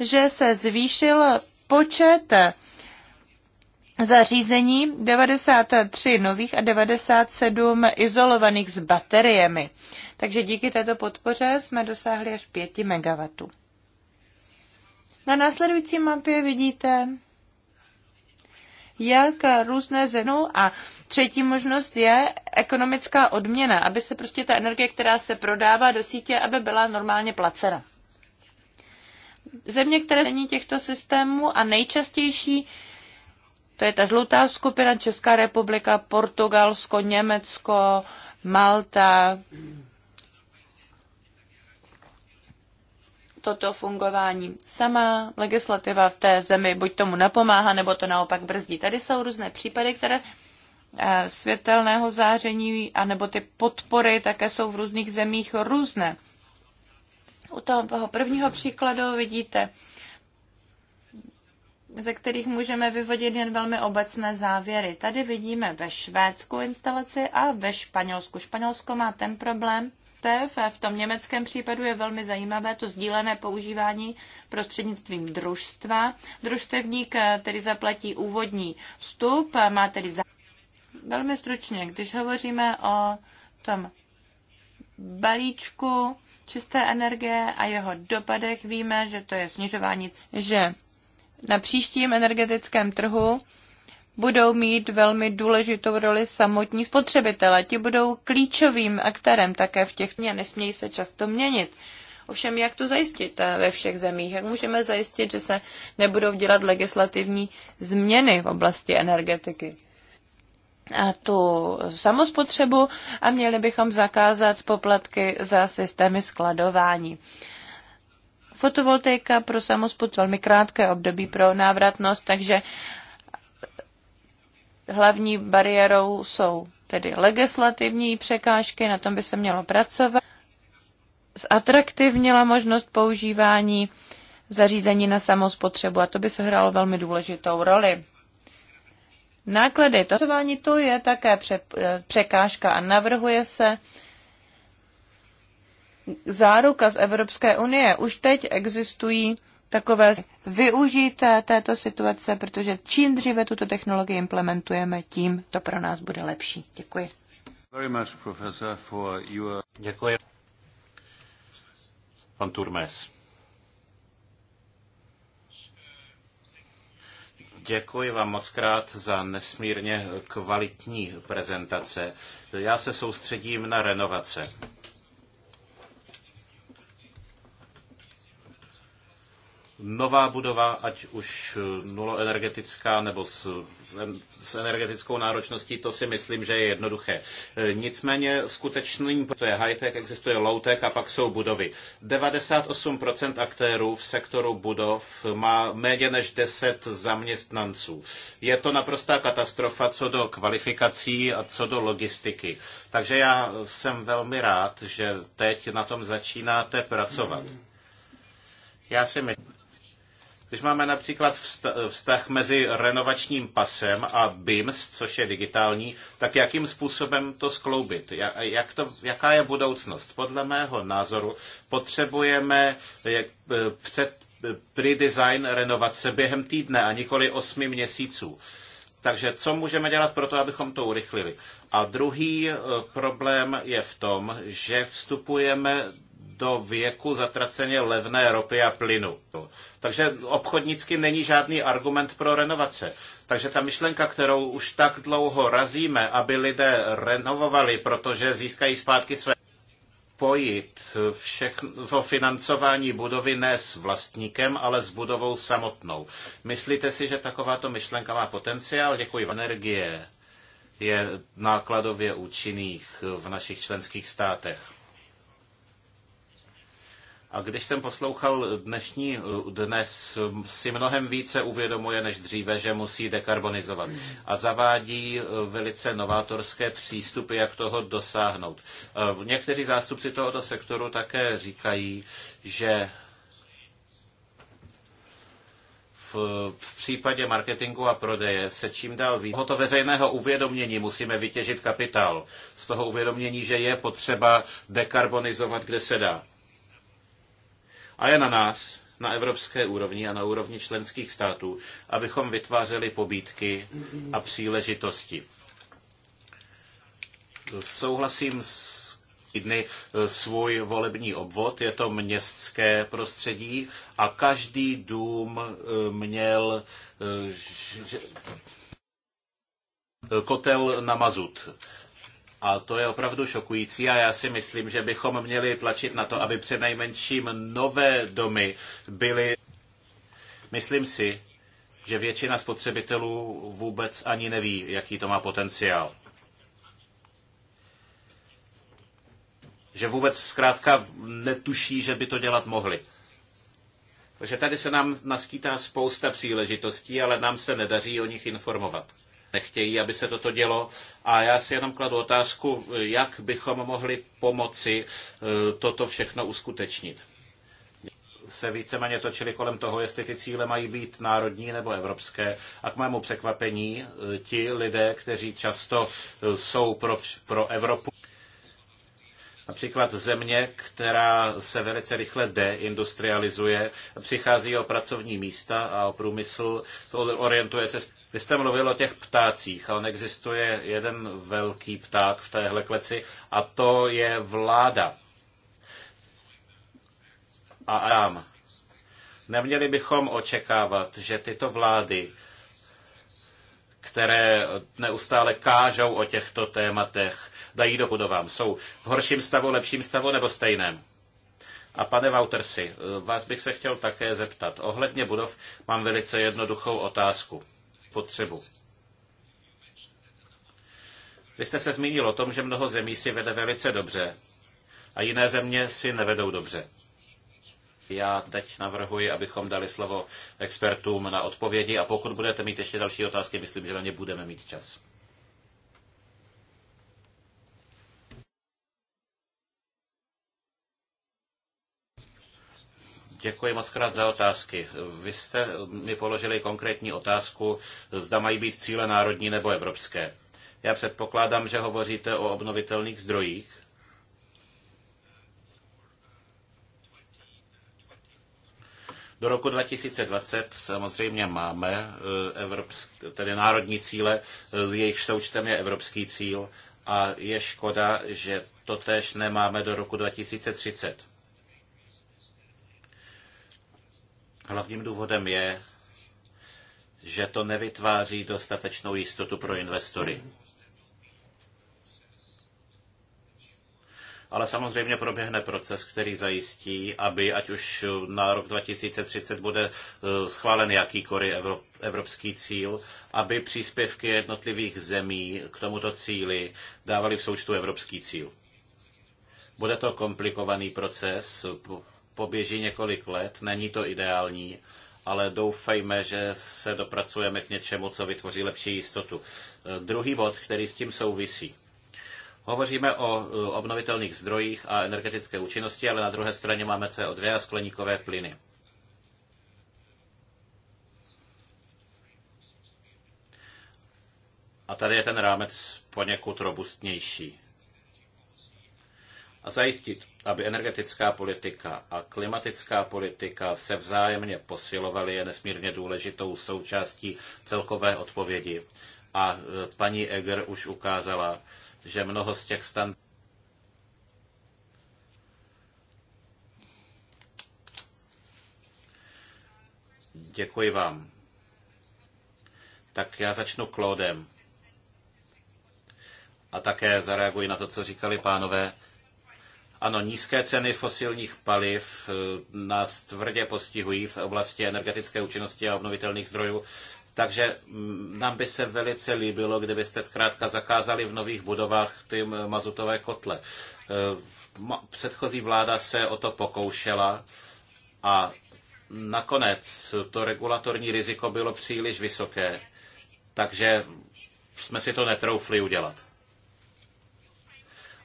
že se zvýšil počet zařízení 93 nových a 97 izolovaných s bateriemi. Takže díky této podpoře jsme dosáhli až 5 MW. Na následující mapě vidíte, jak různé zenu no a třetí možnost je ekonomická odměna, aby se prostě ta energie, která se prodává do sítě, aby byla normálně placena země, které není těchto systémů a nejčastější, to je ta žlutá skupina Česká republika, Portugalsko, Německo, Malta. Toto fungování sama legislativa v té zemi buď tomu napomáhá, nebo to naopak brzdí. Tady jsou různé případy, které eh, světelného záření, anebo ty podpory také jsou v různých zemích různé. U toho prvního příkladu vidíte, ze kterých můžeme vyvodit jen velmi obecné závěry. Tady vidíme ve Švédsku instalaci a ve Španělsku. Španělsko má ten problém, v tom německém případu je velmi zajímavé to sdílené používání prostřednictvím družstva. Družstevník eh, tedy zaplatí úvodní vstup, eh, má tedy za... Velmi stručně, když hovoříme o tom balíčku čisté energie a jeho dopadech víme, že to je snižování, že na příštím energetickém trhu budou mít velmi důležitou roli samotní spotřebitele. Ti budou klíčovým aktérem také v těch a nesmějí se často měnit. Ovšem, jak to zajistit eh, ve všech zemích? Jak můžeme zajistit, že se nebudou dělat legislativní změny v oblasti energetiky? tu samospotřebu a měli bychom zakázat poplatky za systémy skladování. Fotovoltaika pro samospotřebu velmi krátké období pro návratnost, takže hlavní bariérou jsou tedy legislativní překážky, na tom by se mělo pracovat. Zatraktivnila možnost používání zařízení na samospotřebu a to by se hrálo velmi důležitou roli náklady. To tu je také eh, překážka a navrhuje se záruka z Evropské unie. Už teď existují takové využít této situace, protože čím dříve tuto technologii implementujeme, tím to pro nás bude lepší. Děkuji. Very much, professor, for your... Děkuji. Pan Turmes. Děkuji vám moc krát za nesmírně kvalitní prezentace. Já se soustředím na renovace. nová budova, ať už nuloenergetická nebo s, s energetickou náročností, to si myslím, že je jednoduché. Nicméně skutečným, to je high-tech, existuje low-tech a pak jsou budovy. 98% aktérů v sektoru budov má méně než 10 zaměstnanců. Je to naprostá katastrofa co do kvalifikací a co do logistiky. Takže já jsem velmi rád, že teď na tom začínáte pracovat. Já si myslím, když máme například vztah mezi renovačním pasem a BIMS, což je digitální, tak jakým způsobem to skloubit? Jak to, jaká je budoucnost? Podle mého názoru potřebujeme eh, před pre-design renovace během týdne a nikoli osmi měsíců. Takže co můžeme dělat pro to, abychom to urychlili? A druhý eh, problém je v tom, že vstupujeme do věku zatraceně levné ropy a plynu. Takže obchodnicky není žádný argument pro renovace. Takže ta myšlenka, kterou už tak dlouho razíme, aby lidé renovovali, protože získají zpátky své pojit všechno financování budovy ne s vlastníkem, ale s budovou samotnou. Myslíte si, že takováto myšlenka má potenciál? Děkuji. Energie je nákladově účinných v našich členských státech. A když jsem poslouchal dnešní, dnes si mnohem více uvědomuje než dříve, že musí dekarbonizovat. A zavádí velice novátorské přístupy, jak toho dosáhnout. E, někteří zástupci tohoto sektoru také říkají, že v případě marketingu a prodeje se čím dál více tohoto veřejného uvědomění musíme vytěžit kapitál. Z toho uvědomění, že je potřeba dekarbonizovat, kde se dá. A je na nás, na evropské úrovni a na úrovni členských států, abychom vytvářeli pobídky a příležitosti. Souhlasím s dny svůj volební obvod, je to městské prostředí a každý dům eh, měl eh, kotel na mazut. A to je opravdu šokující a já si myslím, že bychom měli tlačit na to, aby přenejmenším nové domy byly. Myslím si, že většina spotřebitelů vůbec ani neví, jaký to má potenciál. Že vůbec zkrátka netuší, že by to dělat mohli. Takže tady se nám naskýtá spousta příležitostí, ale nám se nedaří o nich informovat nechtějí, aby se toto dělo. A já si jenom kladu otázku, jak bychom mohli pomoci eh, toto všechno uskutečnit. Se víceméně točili kolem toho, jestli ty cíle mají být národní nebo evropské. A k mému překvapení, eh, ti lidé, kteří často eh, jsou pro, pro Evropu, Například země, která se velice rychle deindustrializuje, přichází o pracovní místa a o průmysl, orientuje se vy jste mluvil o těch ptácích, ale existuje jeden velký pták v téhle kleci a to je vláda. A Adam. Neměli bychom očekávat, že tyto vlády, které neustále kážou o těchto tématech, dají do budovám. Jsou v horším stavu, lepším stavu nebo stejném? A pane Vautersi, eh, vás bych se chtěl také zeptat. Ohledně budov mám velice jednoduchou otázku spotřebu. Vy jste se zmínil o tom, že mnoho zemí si vede velice dobře a jiné země si nevedou dobře. Já teď navrhuji, abychom dali slovo expertům na odpovědi a pokud budete mít ještě další otázky, myslím, že na ně budeme mít čas. Děkuji moc krát za otázky. Vy jste mi položili konkrétní otázku, zda mají být cíle národní nebo evropské. Já předpokládám, že hovoříte o obnovitelných zdrojích. Do roku 2020 samozřejmě máme eh, evropské, tedy národní cíle, eh, jejich součtem je evropský cíl a je škoda, že to též nemáme do roku 2030. Hlavním důvodem je, že to nevytváří dostatečnou jistotu pro investory. Ale samozřejmě proběhne proces, který zajistí, aby ať už na rok 2030 bude eh, schválen jakýkoliv evropský cíl, aby příspěvky jednotlivých zemí k tomuto cíli dávaly v součtu evropský cíl. Bude to komplikovaný proces, poběží několik let, není to ideální, ale doufejme, že se dopracujeme k něčemu, co vytvoří lepší jistotu. E, druhý bod, který s tím souvisí. Hovoříme o e, obnovitelných zdrojích a energetické účinnosti, ale na druhé straně máme CO2 a skleníkové plyny. A tady je ten rámec poněkud robustnější a zajistit, aby energetická politika a klimatická politika se vzájemně posilovaly, je nesmírně důležitou součástí celkové odpovědi. A e, paní Eger už ukázala, že mnoho z těch stan. Děkuji vám. Tak já začnu Klódem. A také zareaguji na to, co říkali pánové ano, nízké ceny fosilních paliv eh, nás tvrdě postihují v oblasti energetické účinnosti a obnovitelných zdrojů. Takže mm, nám by se velice líbilo, kdybyste zkrátka zakázali v nových budovách ty mazutové kotle. Eh, předchozí vláda se o to pokoušela a nakonec to regulatorní riziko bylo příliš vysoké, takže jsme si to netroufli udělat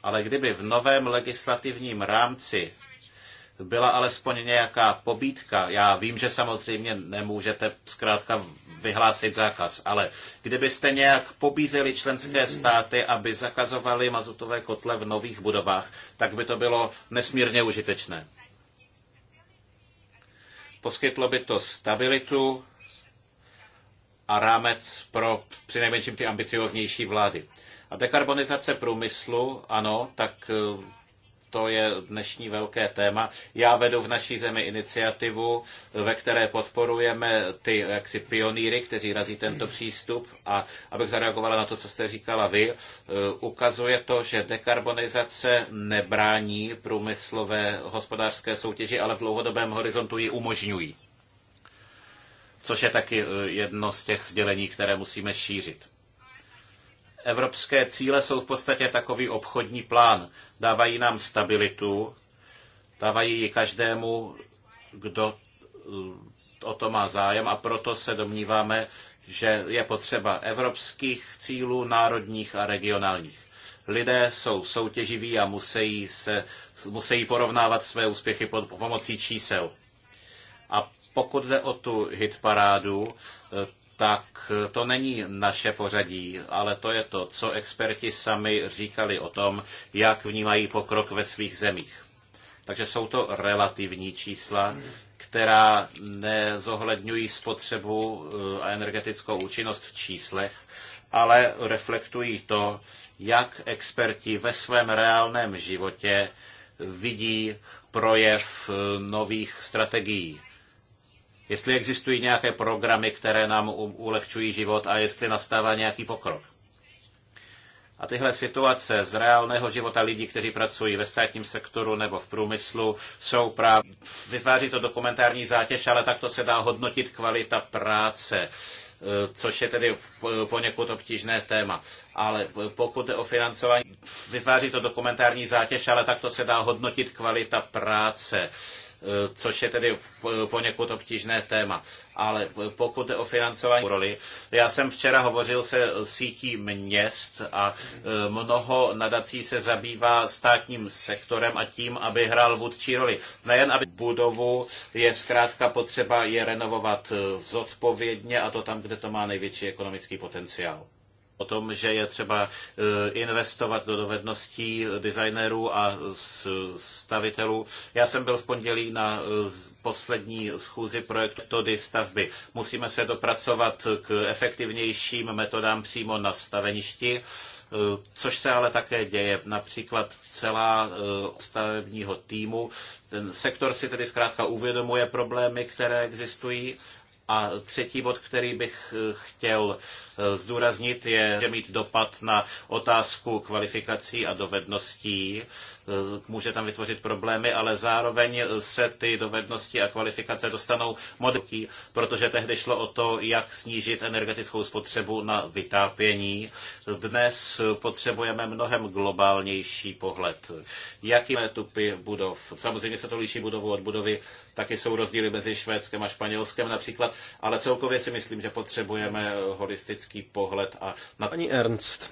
ale kdyby v novém legislativním rámci byla alespoň nějaká pobídka, já vím, že samozřejmě nemůžete zkrátka vyhlásit zákaz, ale kdybyste nějak pobízeli členské státy, aby zakazovali mazutové kotle v nových budovách, tak by to bylo nesmírně užitečné. Poskytlo by to stabilitu a rámec pro přinejmenším ty ambicioznější vlády. A dekarbonizace průmyslu, ano, tak eh, to je dnešní velké téma. Já vedu v naší zemi iniciativu, eh, ve které podporujeme ty jaksi pionýry, kteří razí tento přístup a abych zareagovala na to, co jste říkala vy, eh, ukazuje to, že dekarbonizace nebrání průmyslové hospodářské soutěži, ale v dlouhodobém horizontu ji umožňují. Což je taky jedno z těch sdělení, které musíme šířit. Evropské cíle jsou v podstatě takový obchodní plán. Dávají nám stabilitu, dávají ji každému, kdo eh, o to má zájem a proto se domníváme, že je potřeba evropských cílů, národních a regionálních. Lidé jsou soutěživí a musí, se, musí porovnávat své úspěchy pod pomocí čísel. A pokud jde o tu hitparádu, eh, tak to není naše pořadí, ale to je to, co experti sami říkali o tom, jak vnímají pokrok ve svých zemích. Takže jsou to relativní čísla, která nezohledňují spotřebu eh, a energetickou účinnost v číslech, ale reflektují to, jak experti ve svém reálném životě vidí projev eh, nových strategií jestli existují nějaké programy, které nám ulehčují život a jestli nastává nějaký pokrok. A tyhle situace z reálného života lidí, kteří pracují ve státním sektoru nebo v průmyslu, jsou právě, vytváří to dokumentární zátěž, ale takto se dá hodnotit kvalita práce e, což je tedy poněkud obtížné téma. Ale pokud je o financování, vytváří to dokumentární zátěž, ale takto se dá hodnotit kvalita práce, Eh, což je tedy poněkud obtížné téma. Ale pokud je o financování roli, já jsem včera hovořil se sítí měst a eh, mnoho nadací se zabývá státním sektorem a tím, aby hrál vůdčí roli. Nejen, aby budovu je zkrátka potřeba je renovovat eh, zodpovědně a to tam, kde to má největší ekonomický potenciál o tom, že je třeba e, investovat do dovedností designérů a stavitelů. Já jsem byl v pondělí na e, poslední schůzi projektu metody stavby. Musíme se dopracovat k efektivnějším metodám přímo na staveništi e, což se ale také děje. Například celá stavebního týmu. Ten sektor si tedy zkrátka uvědomuje problémy, které existují. A třetí bod, který bych chtěl zdůraznit, je, že mít dopad na otázku kvalifikací a dovedností. Může tam vytvořit problémy, ale zároveň se ty dovednosti a kvalifikace dostanou modelky, protože tehdy šlo o to, jak snížit energetickou spotřebu na vytápění. Dnes potřebujeme mnohem globálnější pohled. Jaký tupy budov? Samozřejmě se to liší budovu od budovy, taky jsou rozdíly mezi Švédskem a Španělskem například, ale celkově si myslím, že potřebujeme holistický kritický pohled a na paní Ernst.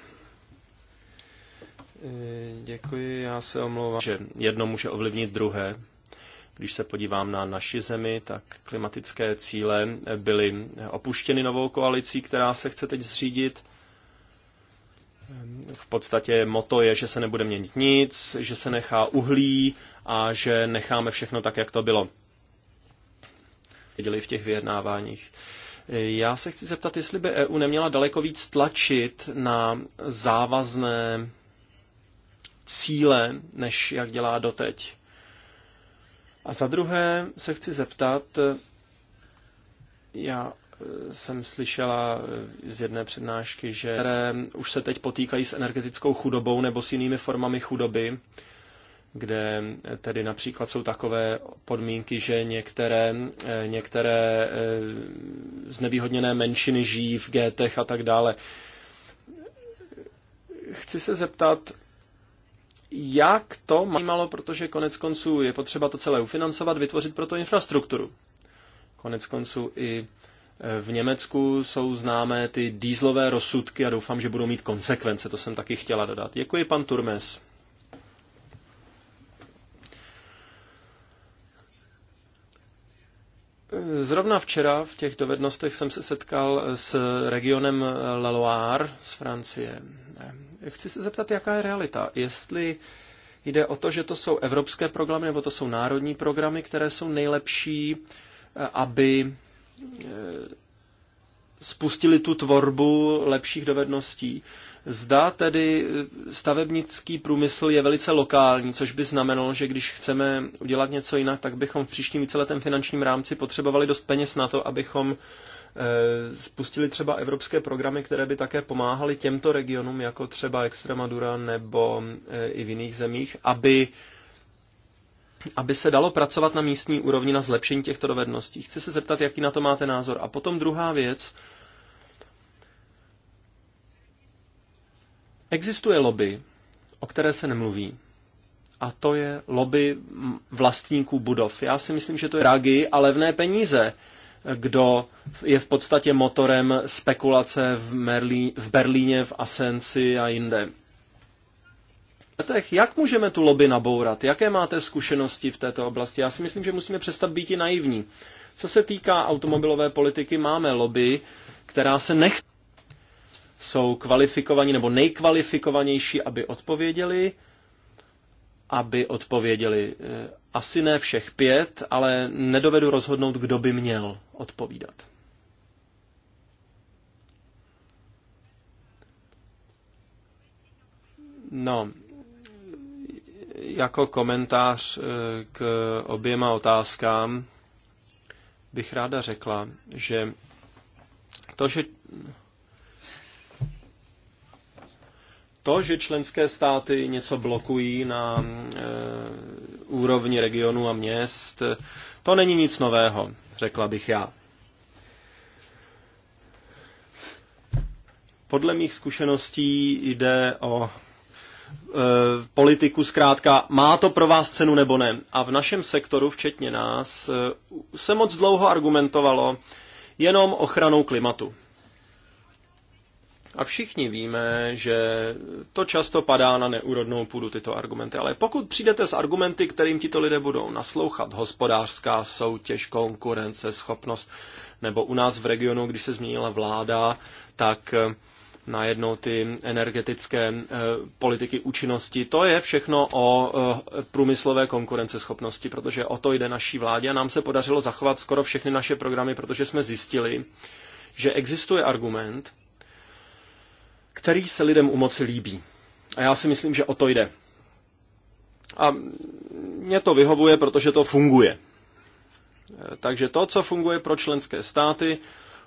Eh, děkuji, já se omlouvám, že jedno může ovlivnit druhé. Když se podívám na naši zemi, tak klimatické cíle byly opuštěny novou koalicí, která se chce teď zřídit. V podstatě moto je, že se nebude měnit nic, že se nechá uhlí a že necháme všechno tak, jak to bylo. Viděli v těch vyjednáváních. Já se chci zeptat, jestli by EU neměla daleko víc tlačit na závazné cíle, než jak dělá doteď. A za druhé se chci zeptat, já eh, jsem slyšela eh, z jedné přednášky, že už se teď potýkají s energetickou chudobou nebo s jinými formami chudoby, kde tedy například jsou takové podmínky, že některé, eh, některé eh, znevýhodněné menšiny žijí v gétech a tak dále. Chci se zeptat, jak to malo, protože konec konců je potřeba to celé ufinancovat, vytvořit pro to infrastrukturu. Konec konců i eh, v Německu jsou známé ty dýzlové rozsudky a doufám, že budou mít konsekvence. To jsem taky chtěla dodat. Děkuji, pan Turmes. Zrovna včera v těch dovednostech jsem se setkal s regionem La Loire z Francie. Chci se zeptat, jaká je realita. Jestli jde o to, že to jsou evropské programy nebo to jsou národní programy, které jsou nejlepší, aby eh, spustili tu tvorbu lepších dovedností. Zda tedy eh, stavebnický průmysl je velice lokální, což by znamenalo, že když chceme udělat něco jinak, tak bychom v příštím víceletém finančním rámci potřebovali dost peněz na to, abychom eh, spustili třeba evropské programy, které by také pomáhaly těmto regionům, jako třeba Extremadura nebo eh, i v jiných zemích, aby aby se dalo pracovat na místní úrovni na zlepšení těchto dovedností. Chci se zeptat, jaký na to máte názor. A potom druhá věc, Existuje lobby, o které se nemluví. A to je lobby vlastníků budov. Já si myslím, že to je dragi a levné peníze, kdo je v podstatě motorem spekulace v, Merlí, v Berlíně, v Asenci a jinde. jak můžeme tu lobby nabourat? Jaké máte zkušenosti v této oblasti? Já si myslím, že musíme přestat být i naivní. Co se týká automobilové politiky, máme lobby, která se nechce jsou kvalifikovaní nebo nejkvalifikovanější, aby odpověděli, aby odpověděli eh, asi ne všech pět, ale nedovedu rozhodnout, kdo by měl odpovídat. No, jako komentář eh, k oběma otázkám bych ráda řekla, že to, že to, že členské státy něco blokují na e, úrovni regionu a měst, to není nic nového, řekla bych já. Podle mých zkušeností jde o e, politiku zkrátka, má to pro vás cenu nebo ne. A v našem sektoru, včetně nás, e, se moc dlouho argumentovalo jenom ochranou klimatu. A všichni víme, že to často padá na neúrodnou půdu tyto argumenty. Ale pokud přijdete s argumenty, kterým tito lidé budou naslouchat, hospodářská soutěž, konkurence, schopnost, nebo u nás v regionu, když se změnila vláda, tak eh, najednou ty energetické eh, politiky účinnosti. To je všechno o eh, průmyslové konkurenceschopnosti, protože o to jde naší vládě a nám se podařilo zachovat skoro všechny naše programy, protože jsme zjistili, že existuje argument, který se lidem u moci líbí. A já si myslím, že o to jde. A mě to vyhovuje, protože to funguje. Takže to, co funguje pro členské státy,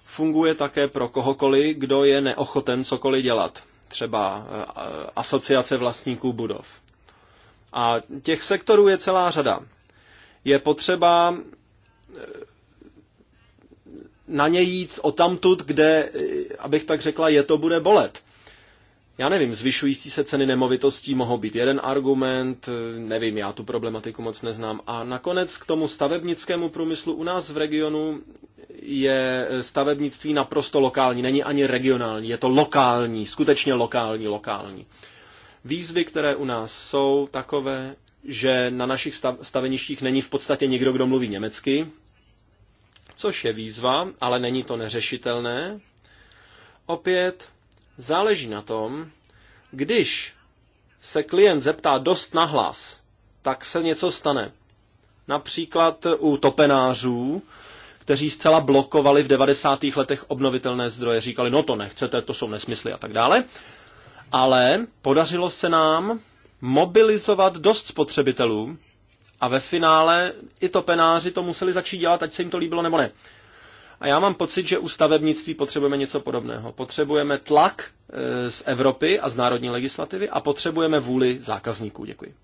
funguje také pro kohokoliv, kdo je neochoten cokoliv dělat. Třeba eh, asociace vlastníků budov. A těch sektorů je celá řada. Je potřeba eh, na něj jít o tamtud, kde, eh, abych tak řekla, je to bude bolet. Já nevím, zvyšující se ceny nemovitostí mohou být jeden argument, nevím, já tu problematiku moc neznám. A nakonec k tomu stavebnickému průmyslu u nás v regionu je stavebnictví naprosto lokální, není ani regionální, je to lokální, skutečně lokální, lokální. Výzvy, které u nás jsou takové, že na našich staveništích není v podstatě nikdo, kdo mluví německy, což je výzva, ale není to neřešitelné. Opět Záleží na tom, když se klient zeptá dost nahlas, tak se něco stane. Například u topenářů, kteří zcela blokovali v 90. letech obnovitelné zdroje, říkali, no to nechcete, to jsou nesmysly a tak dále. Ale podařilo se nám mobilizovat dost spotřebitelů a ve finále i topenáři to museli začít dělat, ať se jim to líbilo nebo ne. A já mám pocit, že u stavebnictví potřebujeme něco podobného. Potřebujeme tlak e, z Evropy a z národní legislativy a potřebujeme vůli zákazníků. Děkuji.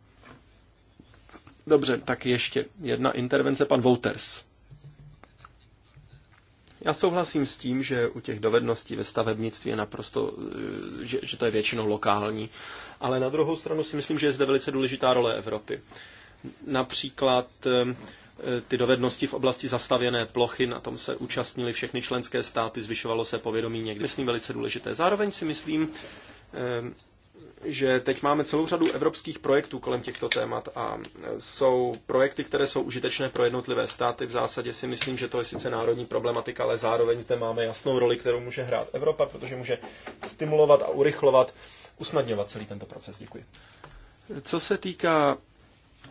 Dobře, tak ještě jedna intervence, pan Wouters. Já souhlasím s tím, že u těch dovedností ve stavebnictví je naprosto, e, že, že to je většinou lokální, ale na druhou stranu si myslím, že je zde velice důležitá role Evropy. Například e, Eh, ty dovednosti v oblasti zastavěné plochy, na tom se účastnili všechny členské státy, zvyšovalo se povědomí někdy. Myslím velice důležité. Zároveň si myslím, eh, že teď máme celou řadu evropských projektů kolem těchto témat a eh, jsou projekty, které jsou užitečné pro jednotlivé státy. V zásadě si myslím, že to je sice národní problematika, ale zároveň zde máme jasnou roli, kterou může hrát Evropa, protože může stimulovat a urychlovat, usnadňovat celý tento proces. Děkuji. Co se týká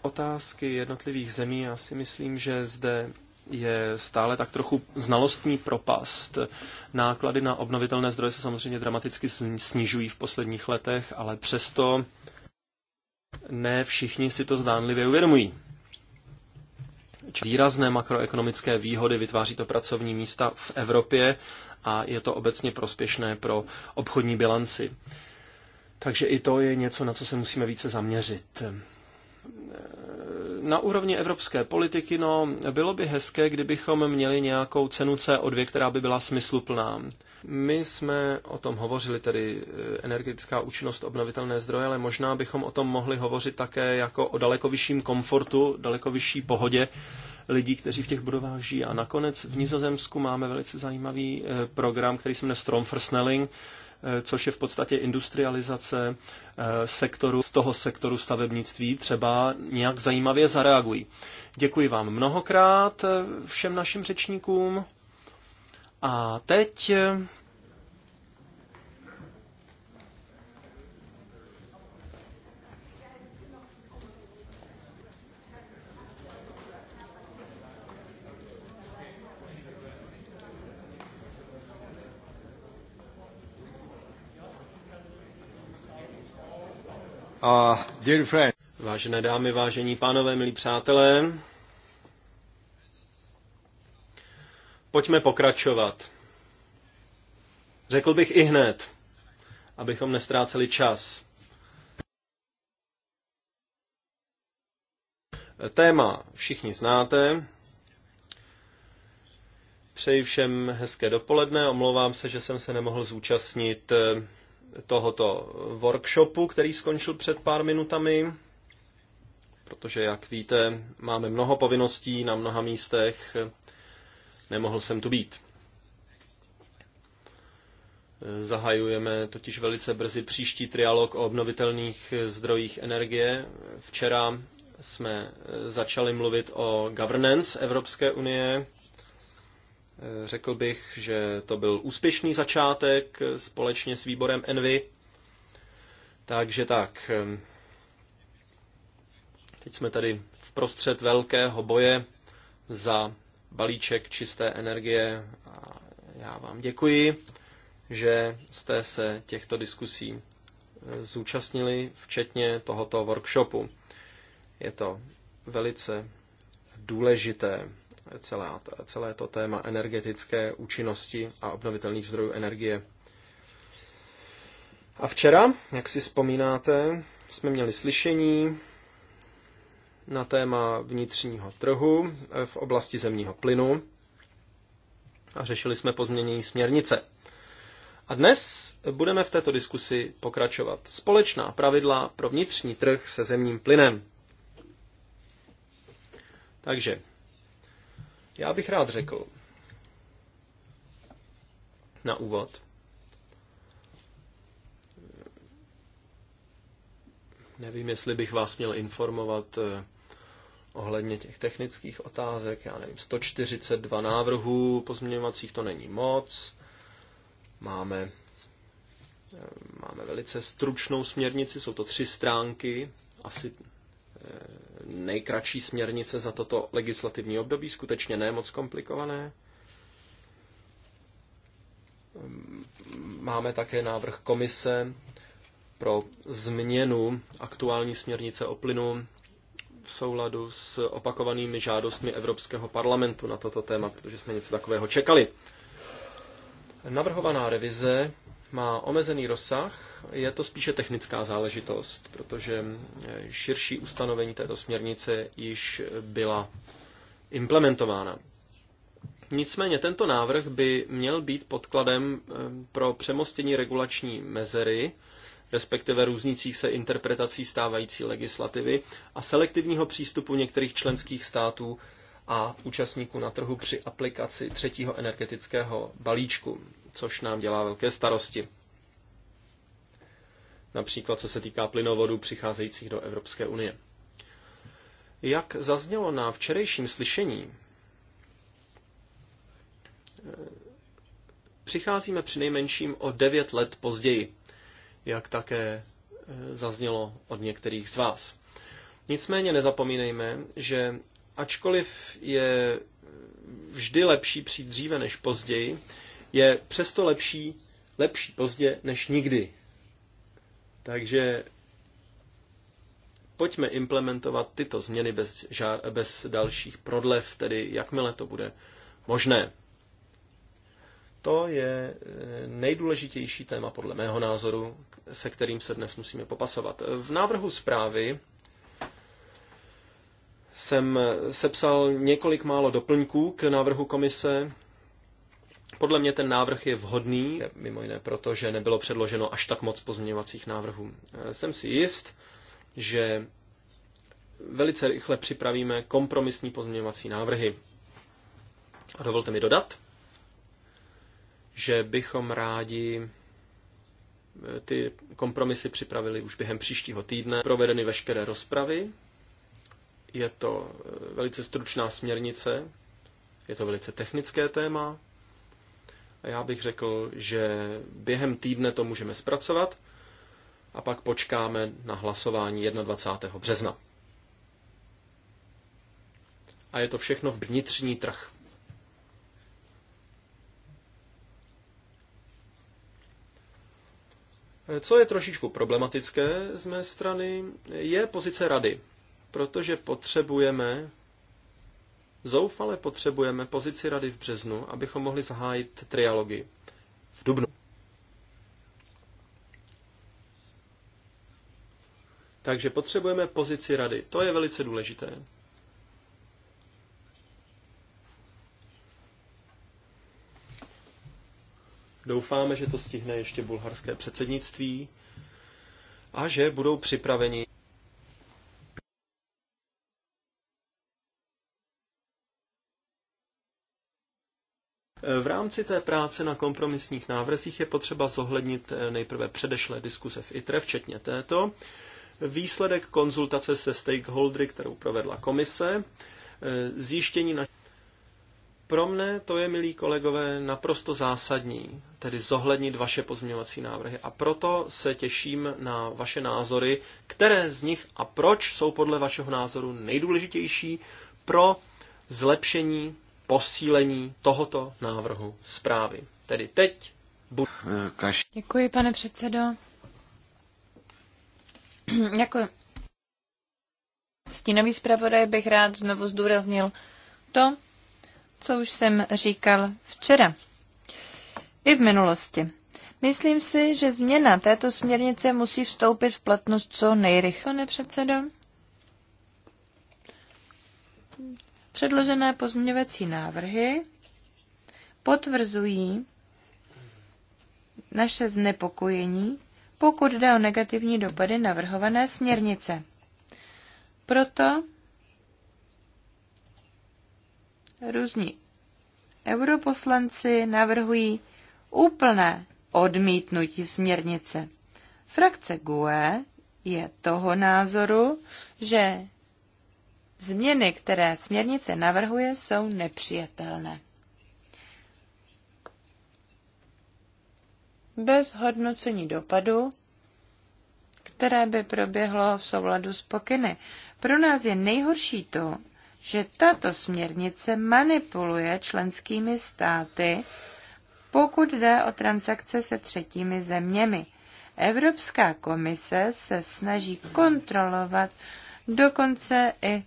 otázky jednotlivých zemí, já si myslím, že zde je stále tak trochu znalostní propast. Náklady na obnovitelné zdroje se samozřejmě dramaticky snižují v posledních letech, ale přesto ne všichni si to zdánlivě uvědomují. Výrazné makroekonomické výhody vytváří to pracovní místa v Evropě a je to obecně prospěšné pro obchodní bilanci. Takže i to je něco, na co se musíme více zaměřit na úrovni evropské politiky, no, bylo by hezké, kdybychom měli nějakou cenu CO2, která by byla smysluplná. My jsme o tom hovořili, tedy eh, energetická účinnost obnovitelné zdroje, ale možná bychom o tom mohli hovořit také jako o daleko vyšším komfortu, daleko vyšší pohodě lidí, kteří v těch budovách žijí. A nakonec v Nizozemsku máme velice zajímavý eh, program, který se jmenuje Strom for Snelling, Eh, což je v podstatě industrializace eh, sektoru, z toho sektoru stavebnictví třeba nějak zajímavě zareagují. Děkuji vám mnohokrát eh, všem našim řečníkům. A teď Vážené dámy, vážení pánové, milí přátelé, pojďme pokračovat. Řekl bych i hned, abychom nestráceli čas. Téma všichni znáte. Přeji všem hezké dopoledne. Omlouvám se, že jsem se nemohl zúčastnit eh, tohoto workshopu, který skončil před pár minutami, protože, jak víte, máme mnoho povinností na mnoha místech, nemohl jsem tu být. Zahajujeme totiž velice brzy příští trialog o obnovitelných zdrojích energie. Včera jsme začali mluvit o governance Evropské unie Řekl bych, že to byl úspěšný začátek společně s výborem Envy. Takže tak. Teď jsme tady v prostřed velkého boje za balíček čisté energie a já vám děkuji, že jste se těchto diskusí eh, zúčastnili, včetně tohoto workshopu. Je to velice důležité celá, celé to téma energetické účinnosti a obnovitelných zdrojů energie. A včera, jak si vzpomínáte, jsme měli slyšení na téma vnitřního trhu v oblasti zemního plynu a řešili jsme pozměnění směrnice. A dnes budeme v této diskusi pokračovat. Společná pravidla pro vnitřní trh se zemním plynem. Takže já bych rád řekl na úvod, nevím, jestli bych vás měl informovat eh, ohledně těch technických otázek, já nevím, 142 návrhů pozměňovacích to není moc, máme, eh, máme velice stručnou směrnici, jsou to tři stránky, asi eh, nejkratší směrnice za toto legislativní období, skutečně ne moc komplikované. Máme také návrh komise pro změnu aktuální směrnice o plynu v souladu s opakovanými žádostmi Evropského parlamentu na toto téma, protože jsme něco takového čekali. Navrhovaná revize má omezený rozsah, je to spíše technická záležitost, protože eh, širší ustanovení této směrnice již byla implementována. Nicméně tento návrh by měl být podkladem eh, pro přemostění regulační mezery, respektive různících se interpretací stávající legislativy a selektivního přístupu některých členských států a účastníků na trhu při aplikaci třetího energetického balíčku což nám dělá velké starosti. Například co se týká plynovodů přicházejících do Evropské unie. Jak zaznělo na včerejším slyšení, přicházíme při nejmenším o 9 let později, jak také eh, zaznělo od některých z vás. Nicméně nezapomínejme, že ačkoliv je vždy lepší přijít dříve než později, je přesto lepší, lepší pozdě než nikdy. Takže pojďme implementovat tyto změny bez, ža- bez dalších prodlev, tedy jakmile to bude možné. To je eh, nejdůležitější téma podle mého názoru, se kterým se dnes musíme popasovat. V návrhu zprávy jsem eh, sepsal několik málo doplňků k návrhu komise, podle mě ten návrh je vhodný, mimo jiné proto, že nebylo předloženo až tak moc pozměňovacích návrhů. E, jsem si jist, že velice rychle připravíme kompromisní pozměňovací návrhy. A dovolte mi dodat, že bychom rádi e, ty kompromisy připravili už během příštího týdne, provedeny veškeré rozpravy. Je to e, velice stručná směrnice, je to velice technické téma, já bych řekl, že během týdne to můžeme zpracovat a pak počkáme na hlasování 21. března. A je to všechno vnitřní trh. Co je trošičku problematické z mé strany, je pozice rady, protože potřebujeme Zoufale potřebujeme pozici rady v březnu, abychom mohli zahájit trialogy v dubnu. Takže potřebujeme pozici rady. To je velice důležité. Doufáme, že to stihne ještě bulharské předsednictví a že budou připraveni V rámci té práce na kompromisních návrzích je potřeba zohlednit eh, nejprve předešlé diskuse v ITRE, včetně této, výsledek konzultace se stakeholdery, kterou provedla komise, eh, zjištění na pro mne to je, milí kolegové, naprosto zásadní, tedy zohlednit vaše pozměňovací návrhy. A proto se těším na vaše názory, které z nich a proč jsou podle vašeho názoru nejdůležitější pro zlepšení posílení tohoto návrhu zprávy. Tedy teď budu... Děkuji, pane předsedo. Děkuji. Jako stínový zpravodaj bych rád znovu zdůraznil to, co už jsem říkal včera. I v minulosti. Myslím si, že změna této směrnice musí vstoupit v platnost co nejrychle. Pane předsedo, Předložené pozměňovací návrhy potvrzují naše znepokojení, pokud jde o negativní dopady navrhované směrnice. Proto různí europoslanci navrhují úplné odmítnutí směrnice. Frakce GUE je toho názoru, že Změny, které směrnice navrhuje, jsou nepřijatelné. Bez hodnocení dopadu, které by proběhlo v souladu s pokyny. Pro nás je nejhorší to, že tato směrnice manipuluje členskými státy, pokud jde o transakce se třetími zeměmi. Evropská komise se snaží kontrolovat dokonce i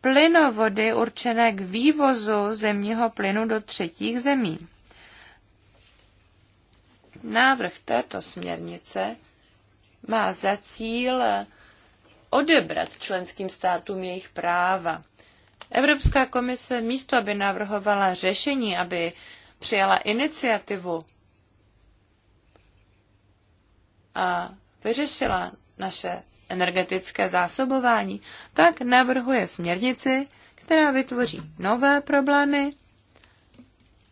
plynovody určené k vývozu zemního plynu do třetích zemí. Návrh této směrnice má za cíl odebrat členským státům jejich práva. Evropská komise místo, aby navrhovala řešení, aby přijala iniciativu a vyřešila naše energetické zásobování, tak navrhuje směrnici, která vytvoří nové problémy,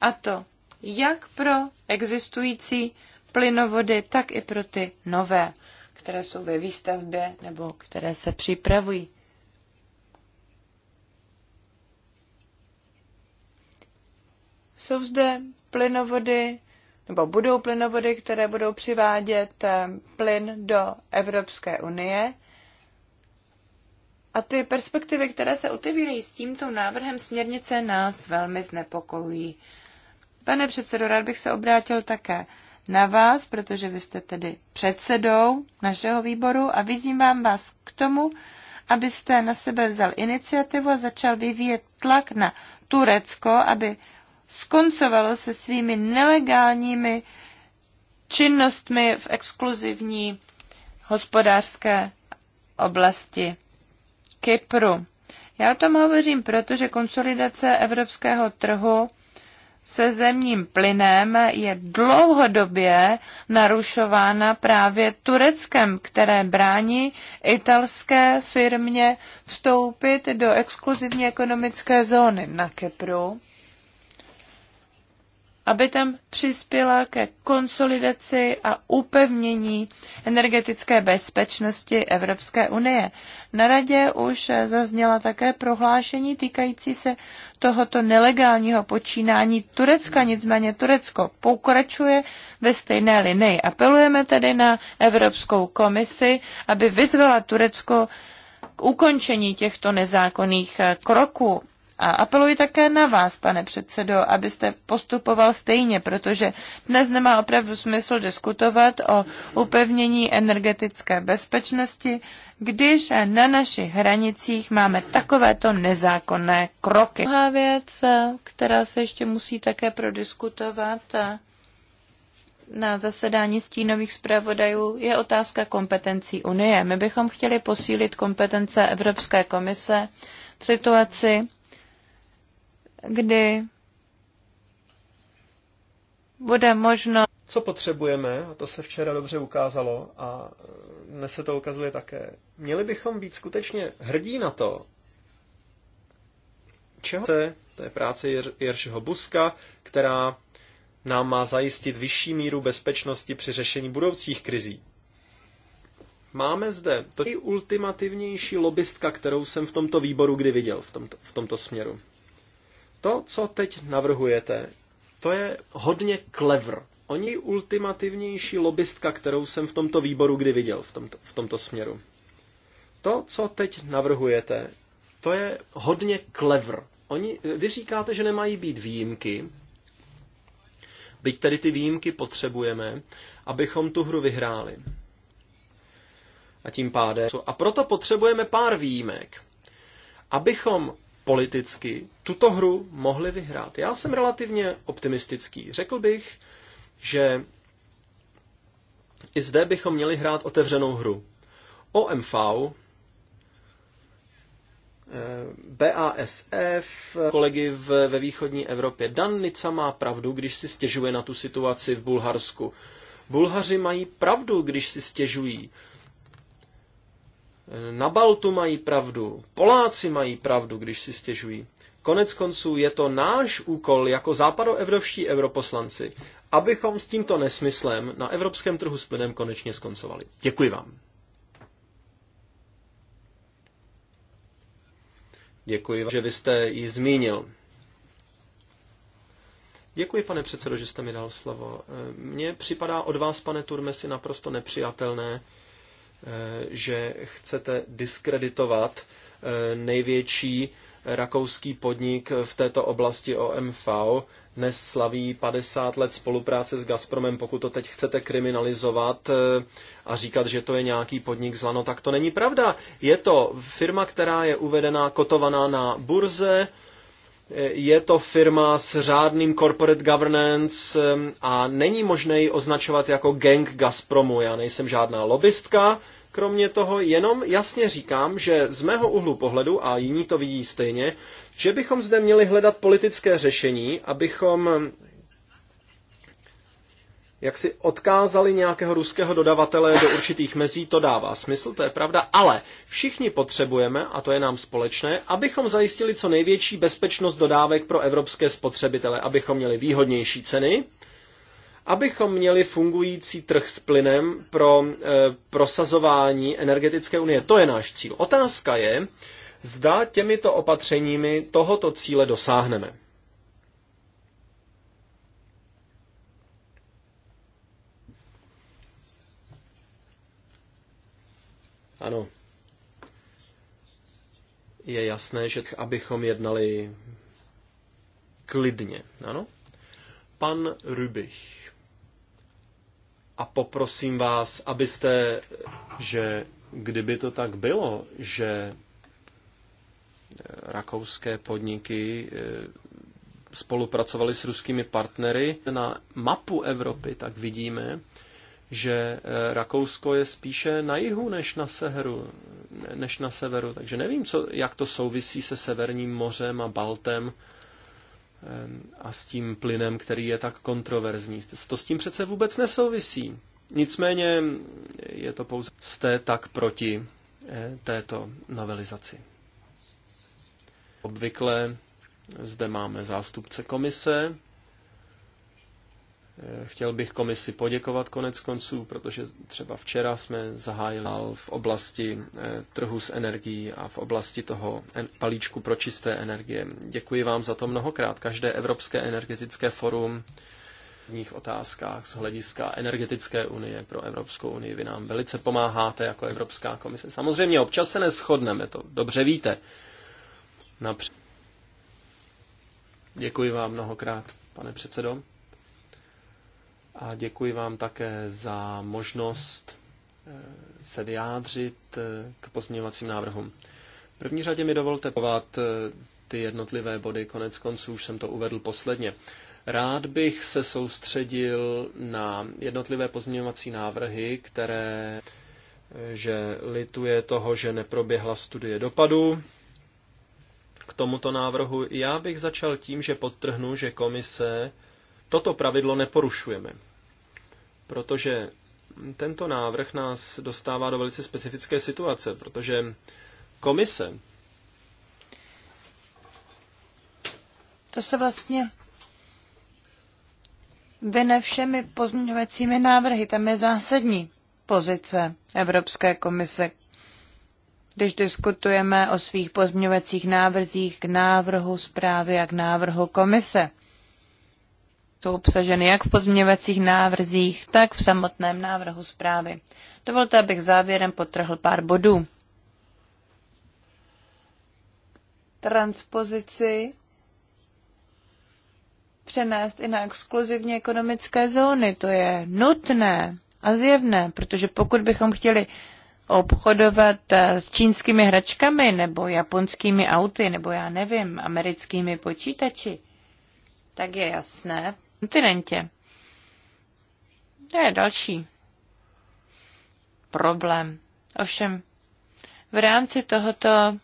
a to jak pro existující plynovody, tak i pro ty nové, které jsou ve výstavbě nebo které se připravují. Jsou zde plynovody nebo budou plynovody, které budou přivádět eh, plyn do Evropské unie. A ty perspektivy, které se otevírají s tímto návrhem směrnice, nás velmi znepokojují. Pane předsedo, rád bych se obrátil také na vás, protože vy jste tedy předsedou našeho výboru a vyzývám vás k tomu, abyste na sebe vzal iniciativu a začal vyvíjet tlak na Turecko, aby skoncovalo se svými nelegálními činnostmi v exkluzivní hospodářské oblasti Kypru. Já o tom hovořím proto, že konsolidace evropského trhu se zemním plynem je dlouhodobě narušována právě Tureckem, které brání italské firmě vstoupit do exkluzivní ekonomické zóny na Kypru aby tam přispěla ke konsolidaci a upevnění energetické bezpečnosti Evropské unie. Na radě už zazněla také prohlášení týkající se tohoto nelegálního počínání Turecka, nicméně Turecko pokračuje ve stejné linii. Apelujeme tedy na Evropskou komisi, aby vyzvala Turecko k ukončení těchto nezákonných kroků. A apeluji také na vás, pane předsedo, abyste postupoval stejně, protože dnes nemá opravdu smysl diskutovat o upevnění energetické bezpečnosti, když na našich hranicích máme takovéto nezákonné kroky. Druhá věc, která se ještě musí také prodiskutovat na zasedání stínových zpravodajů, je otázka kompetencí Unie. My bychom chtěli posílit kompetence Evropské komise v situaci, kdy bude možno. Co potřebujeme, a to se včera dobře ukázalo a dnes se to ukazuje také, měli bychom být skutečně hrdí na to, čeho se to je práce Jer- Buska, která nám má zajistit vyšší míru bezpečnosti při řešení budoucích krizí. Máme zde to nejultimativnější lobistka, kterou jsem v tomto výboru kdy viděl v tomto, v tomto směru. To, co teď navrhujete, to je hodně clever. O ní ultimativnější lobbystka, kterou jsem v tomto výboru kdy viděl v tomto, v tomto směru. To, co teď navrhujete, to je hodně clever. Oni, vy říkáte, že nemají být výjimky, byť tedy ty výjimky potřebujeme, abychom tu hru vyhráli. A tím pádem. A proto potřebujeme pár výjimek. Abychom politicky tuto hru mohli vyhrát. Já jsem relativně optimistický. Řekl bych, že i zde bychom měli hrát otevřenou hru. OMV, eh, BASF, kolegy v, ve východní Evropě. Dan Nica má pravdu, když si stěžuje na tu situaci v Bulharsku. Bulhaři mají pravdu, když si stěžují. Na Baltu mají pravdu, Poláci mají pravdu, když si stěžují. Konec konců je to náš úkol jako západoevropští europoslanci, abychom s tímto nesmyslem na evropském trhu s plynem konečně skoncovali. Děkuji vám. Děkuji, že vy jste ji zmínil. Děkuji, pane předsedo, že jste mi dal slovo. Mně připadá od vás, pane Turmesi, naprosto nepřijatelné, Eh, že chcete diskreditovat eh, největší rakouský podnik v této oblasti OMV. Dnes slaví 50 let spolupráce s Gazpromem. Pokud to teď chcete kriminalizovat eh, a říkat, že to je nějaký podnik zlano, tak to není pravda. Je to firma, která je uvedená, kotovaná na burze, je to firma s řádným corporate governance a není možné ji označovat jako gang Gazpromu. Já nejsem žádná lobbystka, Kromě toho jenom jasně říkám, že z mého úhlu pohledu, a jiní to vidí stejně, že bychom zde měli hledat politické řešení, abychom jak si odkázali nějakého ruského dodavatele do určitých mezí, to dává smysl, to je pravda, ale všichni potřebujeme, a to je nám společné, abychom zajistili co největší bezpečnost dodávek pro evropské spotřebitele, abychom měli výhodnější ceny, Abychom měli fungující trh s plynem pro e, prosazování energetické unie, to je náš cíl. Otázka je, zda těmito opatřeními tohoto cíle dosáhneme. Ano. Je jasné, že abychom jednali klidně. Ano? Pan Rubich a poprosím vás, abyste, že kdyby to tak bylo, že eh, rakouské podniky eh, spolupracovali s ruskými partnery na mapu Evropy, tak vidíme, že eh, Rakousko je spíše na jihu než na severu, než na severu. Takže nevím, co, jak to souvisí se Severním mořem a Baltem a s tím plynem, který je tak kontroverzní. To s tím přece vůbec nesouvisí. Nicméně je to pouze jste tak proti eh, této novelizaci. Obvykle zde máme zástupce komise, Eh, chtěl bych komisi poděkovat konec konců, protože třeba včera jsme zahájili v oblasti eh, trhu s energií a v oblasti toho palíčku pro čisté energie. Děkuji vám za to mnohokrát. Každé Evropské energetické forum v nich otázkách z hlediska energetické unie pro Evropskou unii. Vy nám velice pomáháte jako Evropská komise. Samozřejmě občas se neschodneme, to dobře víte. Napřed... Děkuji vám mnohokrát, pane předsedo a děkuji vám také za možnost eh, se vyjádřit eh, k pozměňovacím návrhům. V první řadě mi dovolte povat eh, ty jednotlivé body, konec konců už jsem to uvedl posledně. Rád bych se soustředil na jednotlivé pozměňovací návrhy, které že lituje toho, že neproběhla studie dopadu. K tomuto návrhu já bych začal tím, že podtrhnu, že komise toto pravidlo neporušujeme. Protože tento návrh nás dostává do velice specifické situace, protože komise. To se vlastně vyne všemi pozměňovacími návrhy. Tam je zásadní pozice Evropské komise, když diskutujeme o svých pozměňovacích návrzích k návrhu zprávy a k návrhu komise jsou obsažen jak v pozměňovacích návrzích, tak v samotném návrhu zprávy. Dovolte, abych závěrem potrhl pár bodů. Transpozici přenést i na exkluzivní ekonomické zóny. To je nutné a zjevné, protože pokud bychom chtěli obchodovat eh, s čínskými hračkami nebo japonskými auty nebo já nevím, americkými počítači, tak je jasné, kontinentě. To je další problém. Ovšem, v rámci tohoto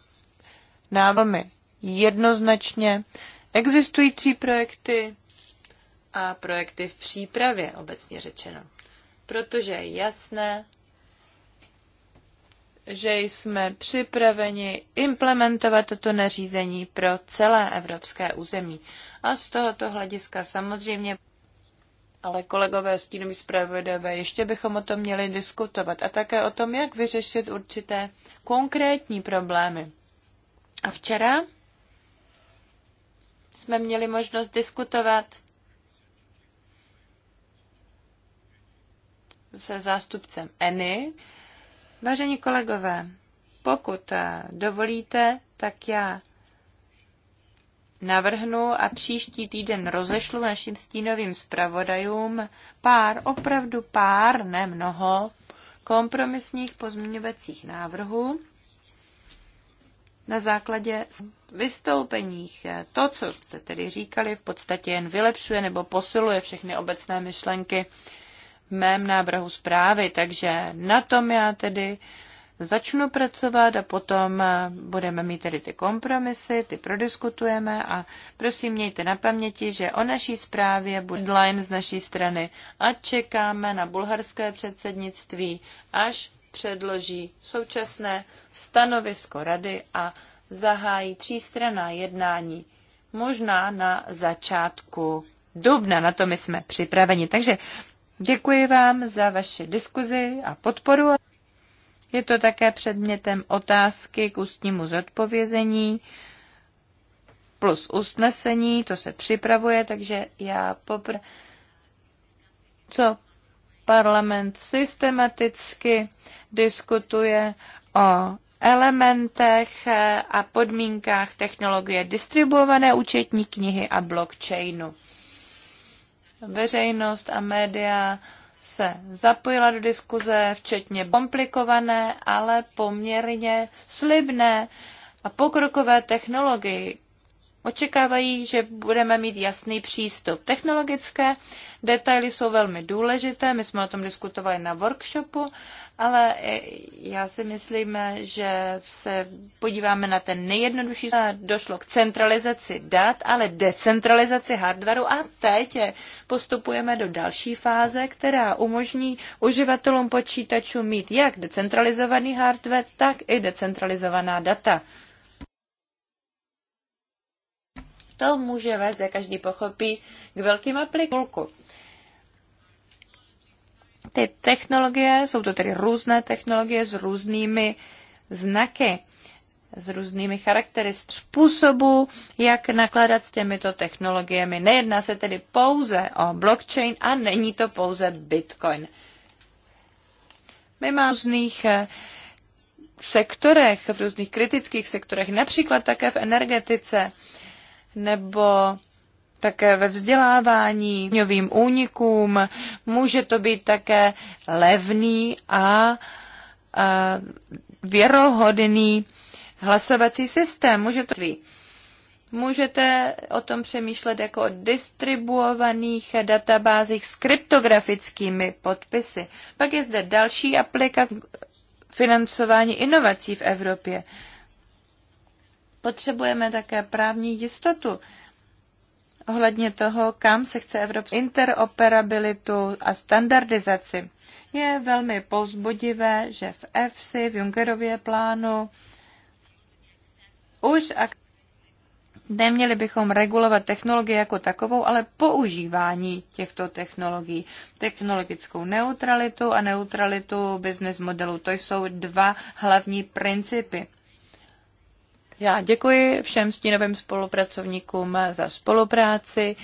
dáváme jednoznačně existující projekty a projekty v přípravě, obecně řečeno. Protože je jasné, že jsme připraveni implementovat toto nařízení pro celé evropské území. A z tohoto hlediska samozřejmě ale kolegové stínový zpravodajové, ještě bychom o tom měli diskutovat a také o tom, jak vyřešit určité konkrétní problémy. A včera jsme měli možnost diskutovat se zástupcem ENY, Vážení kolegové, pokud eh, dovolíte, tak já navrhnu a příští týden rozešlu našim stínovým zpravodajům pár, opravdu pár, ne mnoho, kompromisních pozměňovacích návrhů na základě vystoupeních. Eh, to, co jste tedy říkali, v podstatě jen vylepšuje nebo posiluje všechny obecné myšlenky, mém návrhu zprávy, takže na tom já tedy začnu pracovat a potom eh, budeme mít tedy ty kompromisy, ty prodiskutujeme a prosím mějte na paměti, že o naší zprávě bude deadline z naší strany a čekáme na bulharské předsednictví, až předloží současné stanovisko rady a zahájí třístraná jednání možná na začátku dubna. Na to my jsme připraveni. Takže Děkuji vám za vaši diskuzi a podporu. Je to také předmětem otázky k ústnímu zodpovězení plus usnesení, to se připravuje, takže já popr... Co parlament systematicky diskutuje o elementech a podmínkách technologie distribuované účetní knihy a blockchainu veřejnost a média se zapojila do diskuze, včetně komplikované, ale poměrně slibné a pokrokové technologii, Očekávají, že budeme mít jasný přístup. Technologické detaily jsou velmi důležité, my jsme o tom diskutovali na workshopu, ale eh, já si myslím, že se podíváme na ten nejjednodušší. Došlo k centralizaci dat, ale decentralizaci hardwaru. a teď eh, postupujeme do další fáze, která umožní uživatelům počítačů mít jak decentralizovaný hardware, tak i decentralizovaná data. to může vést, jak každý pochopí, k velkým aplikům. Ty technologie, jsou to tedy různé technologie s různými znaky, s různými charakteristikami způsobu, jak nakládat s těmito technologiemi. Nejedná se tedy pouze o blockchain a není to pouze bitcoin. My máme různých eh, sektorech, v různých kritických sektorech, například také v energetice, nebo také ve vzdělávání, novým únikům. Může to být také levný a, a věrohodný hlasovací systém. Může to být. Můžete o tom přemýšlet jako o distribuovaných databázích s kryptografickými podpisy. Pak je zde další aplikace financování inovací v Evropě. Potřebujeme také právní jistotu ohledně toho, kam se chce Evropská interoperabilitu a standardizaci. Je velmi pozbudivé, že v EFSI, v Junckerově plánu, už a neměli bychom regulovat technologii jako takovou, ale používání těchto technologií. Technologickou neutralitu a neutralitu business modelu. To jsou dva hlavní principy. Já děkuji všem stínovým spolupracovníkům za spolupráci,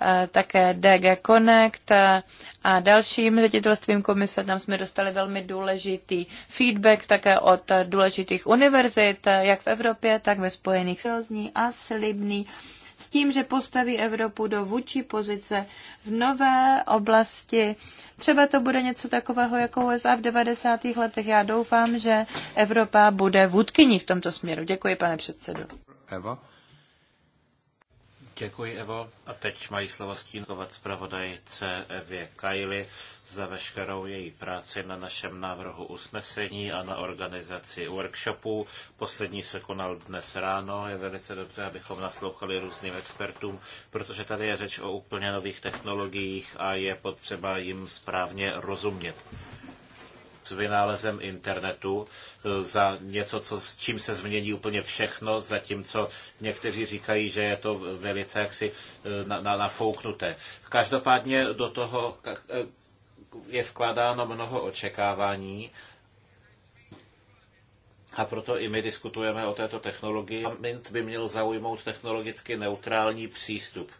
eh, také DG Connect eh, a dalším ředitelstvím komise. Tam jsme dostali velmi důležitý feedback také od důležitých univerzit, eh, jak v Evropě, tak ve Spojených státech a slibný s tím, že postaví Evropu do vůči pozice v nové oblasti. Třeba to bude něco takového jako USA v 90. letech. Já doufám, že Evropa bude vůdkyní v tomto směru. Děkuji, pane předsedo. Eva. Děkuji, Evo. A teď mají slovo stínkovat zpravodajce Evě Kajli za veškerou její práci na našem návrhu usnesení a na organizaci workshopu. Poslední se konal dnes ráno. Je velice dobře, abychom naslouchali různým expertům, protože tady je řeč o úplně nových technologiích a je potřeba jim správně rozumět s vynálezem internetu e, za něco, co, s čím se změní úplně všechno, zatímco někteří říkají, že je to velice jaksi e, na, na, nafouknuté. Každopádně do toho e, je vkládáno mnoho očekávání. A proto i my diskutujeme o této technologii. Mint by měl zaujmout technologicky neutrální přístup.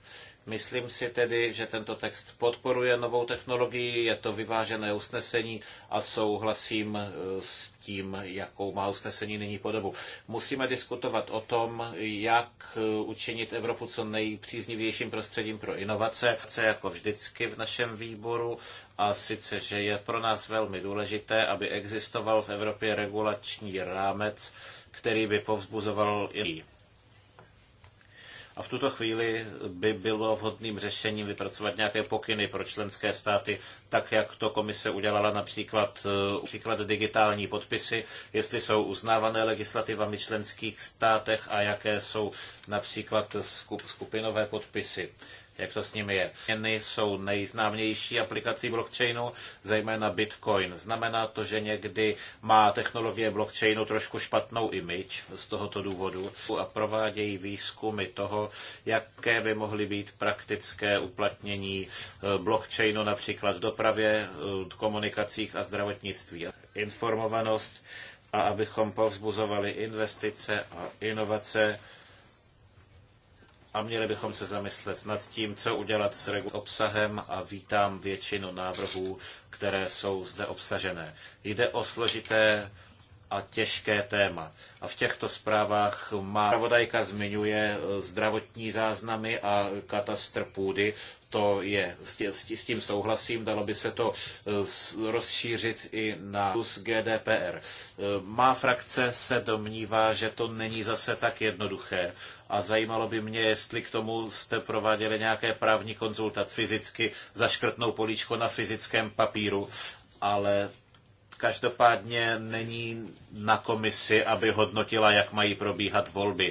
Myslím si tedy, že tento text podporuje novou technologii, je to vyvážené usnesení a souhlasím eh, s tím, jakou má usnesení nyní podobu. Musíme diskutovat o tom, jak eh, učinit Evropu co nejpříznivějším prostředím pro inovace, jako vždycky v našem výboru, a sice, že je pro nás velmi důležité, aby existoval v Evropě regulační rámec, který by povzbuzoval i a v tuto chvíli by bylo vhodným řešením vypracovat nějaké pokyny pro členské státy, tak jak to komise udělala například, eh, příklad digitální podpisy, jestli jsou uznávané legislativami členských státech a jaké jsou například skupinové podpisy jak to s nimi je. Měny jsou nejznámější aplikací blockchainu, zejména Bitcoin. Znamená to, že někdy má technologie blockchainu trošku špatnou image z tohoto důvodu a provádějí výzkumy toho, jaké by mohly být praktické uplatnění eh, blockchainu například v dopravě, eh, komunikacích a zdravotnictví. Informovanost a abychom povzbuzovali investice a inovace a měli bychom se zamyslet nad tím, co udělat s obsahem a vítám většinu návrhů, které jsou zde obsažené. Jde o složité a těžké téma. A v těchto zprávách má pravodajka zmiňuje eh, zdravotní záznamy a katastr půdy. To je, s tím souhlasím, dalo by se to eh, rozšířit i na GDPR. Eh, má frakce se domnívá, že to není zase tak jednoduché a zajímalo by mě, jestli k tomu jste prováděli nějaké právní konzultace fyzicky, zaškrtnou políčko na fyzickém papíru, ale každopádně není na komisi, aby hodnotila, jak mají probíhat volby.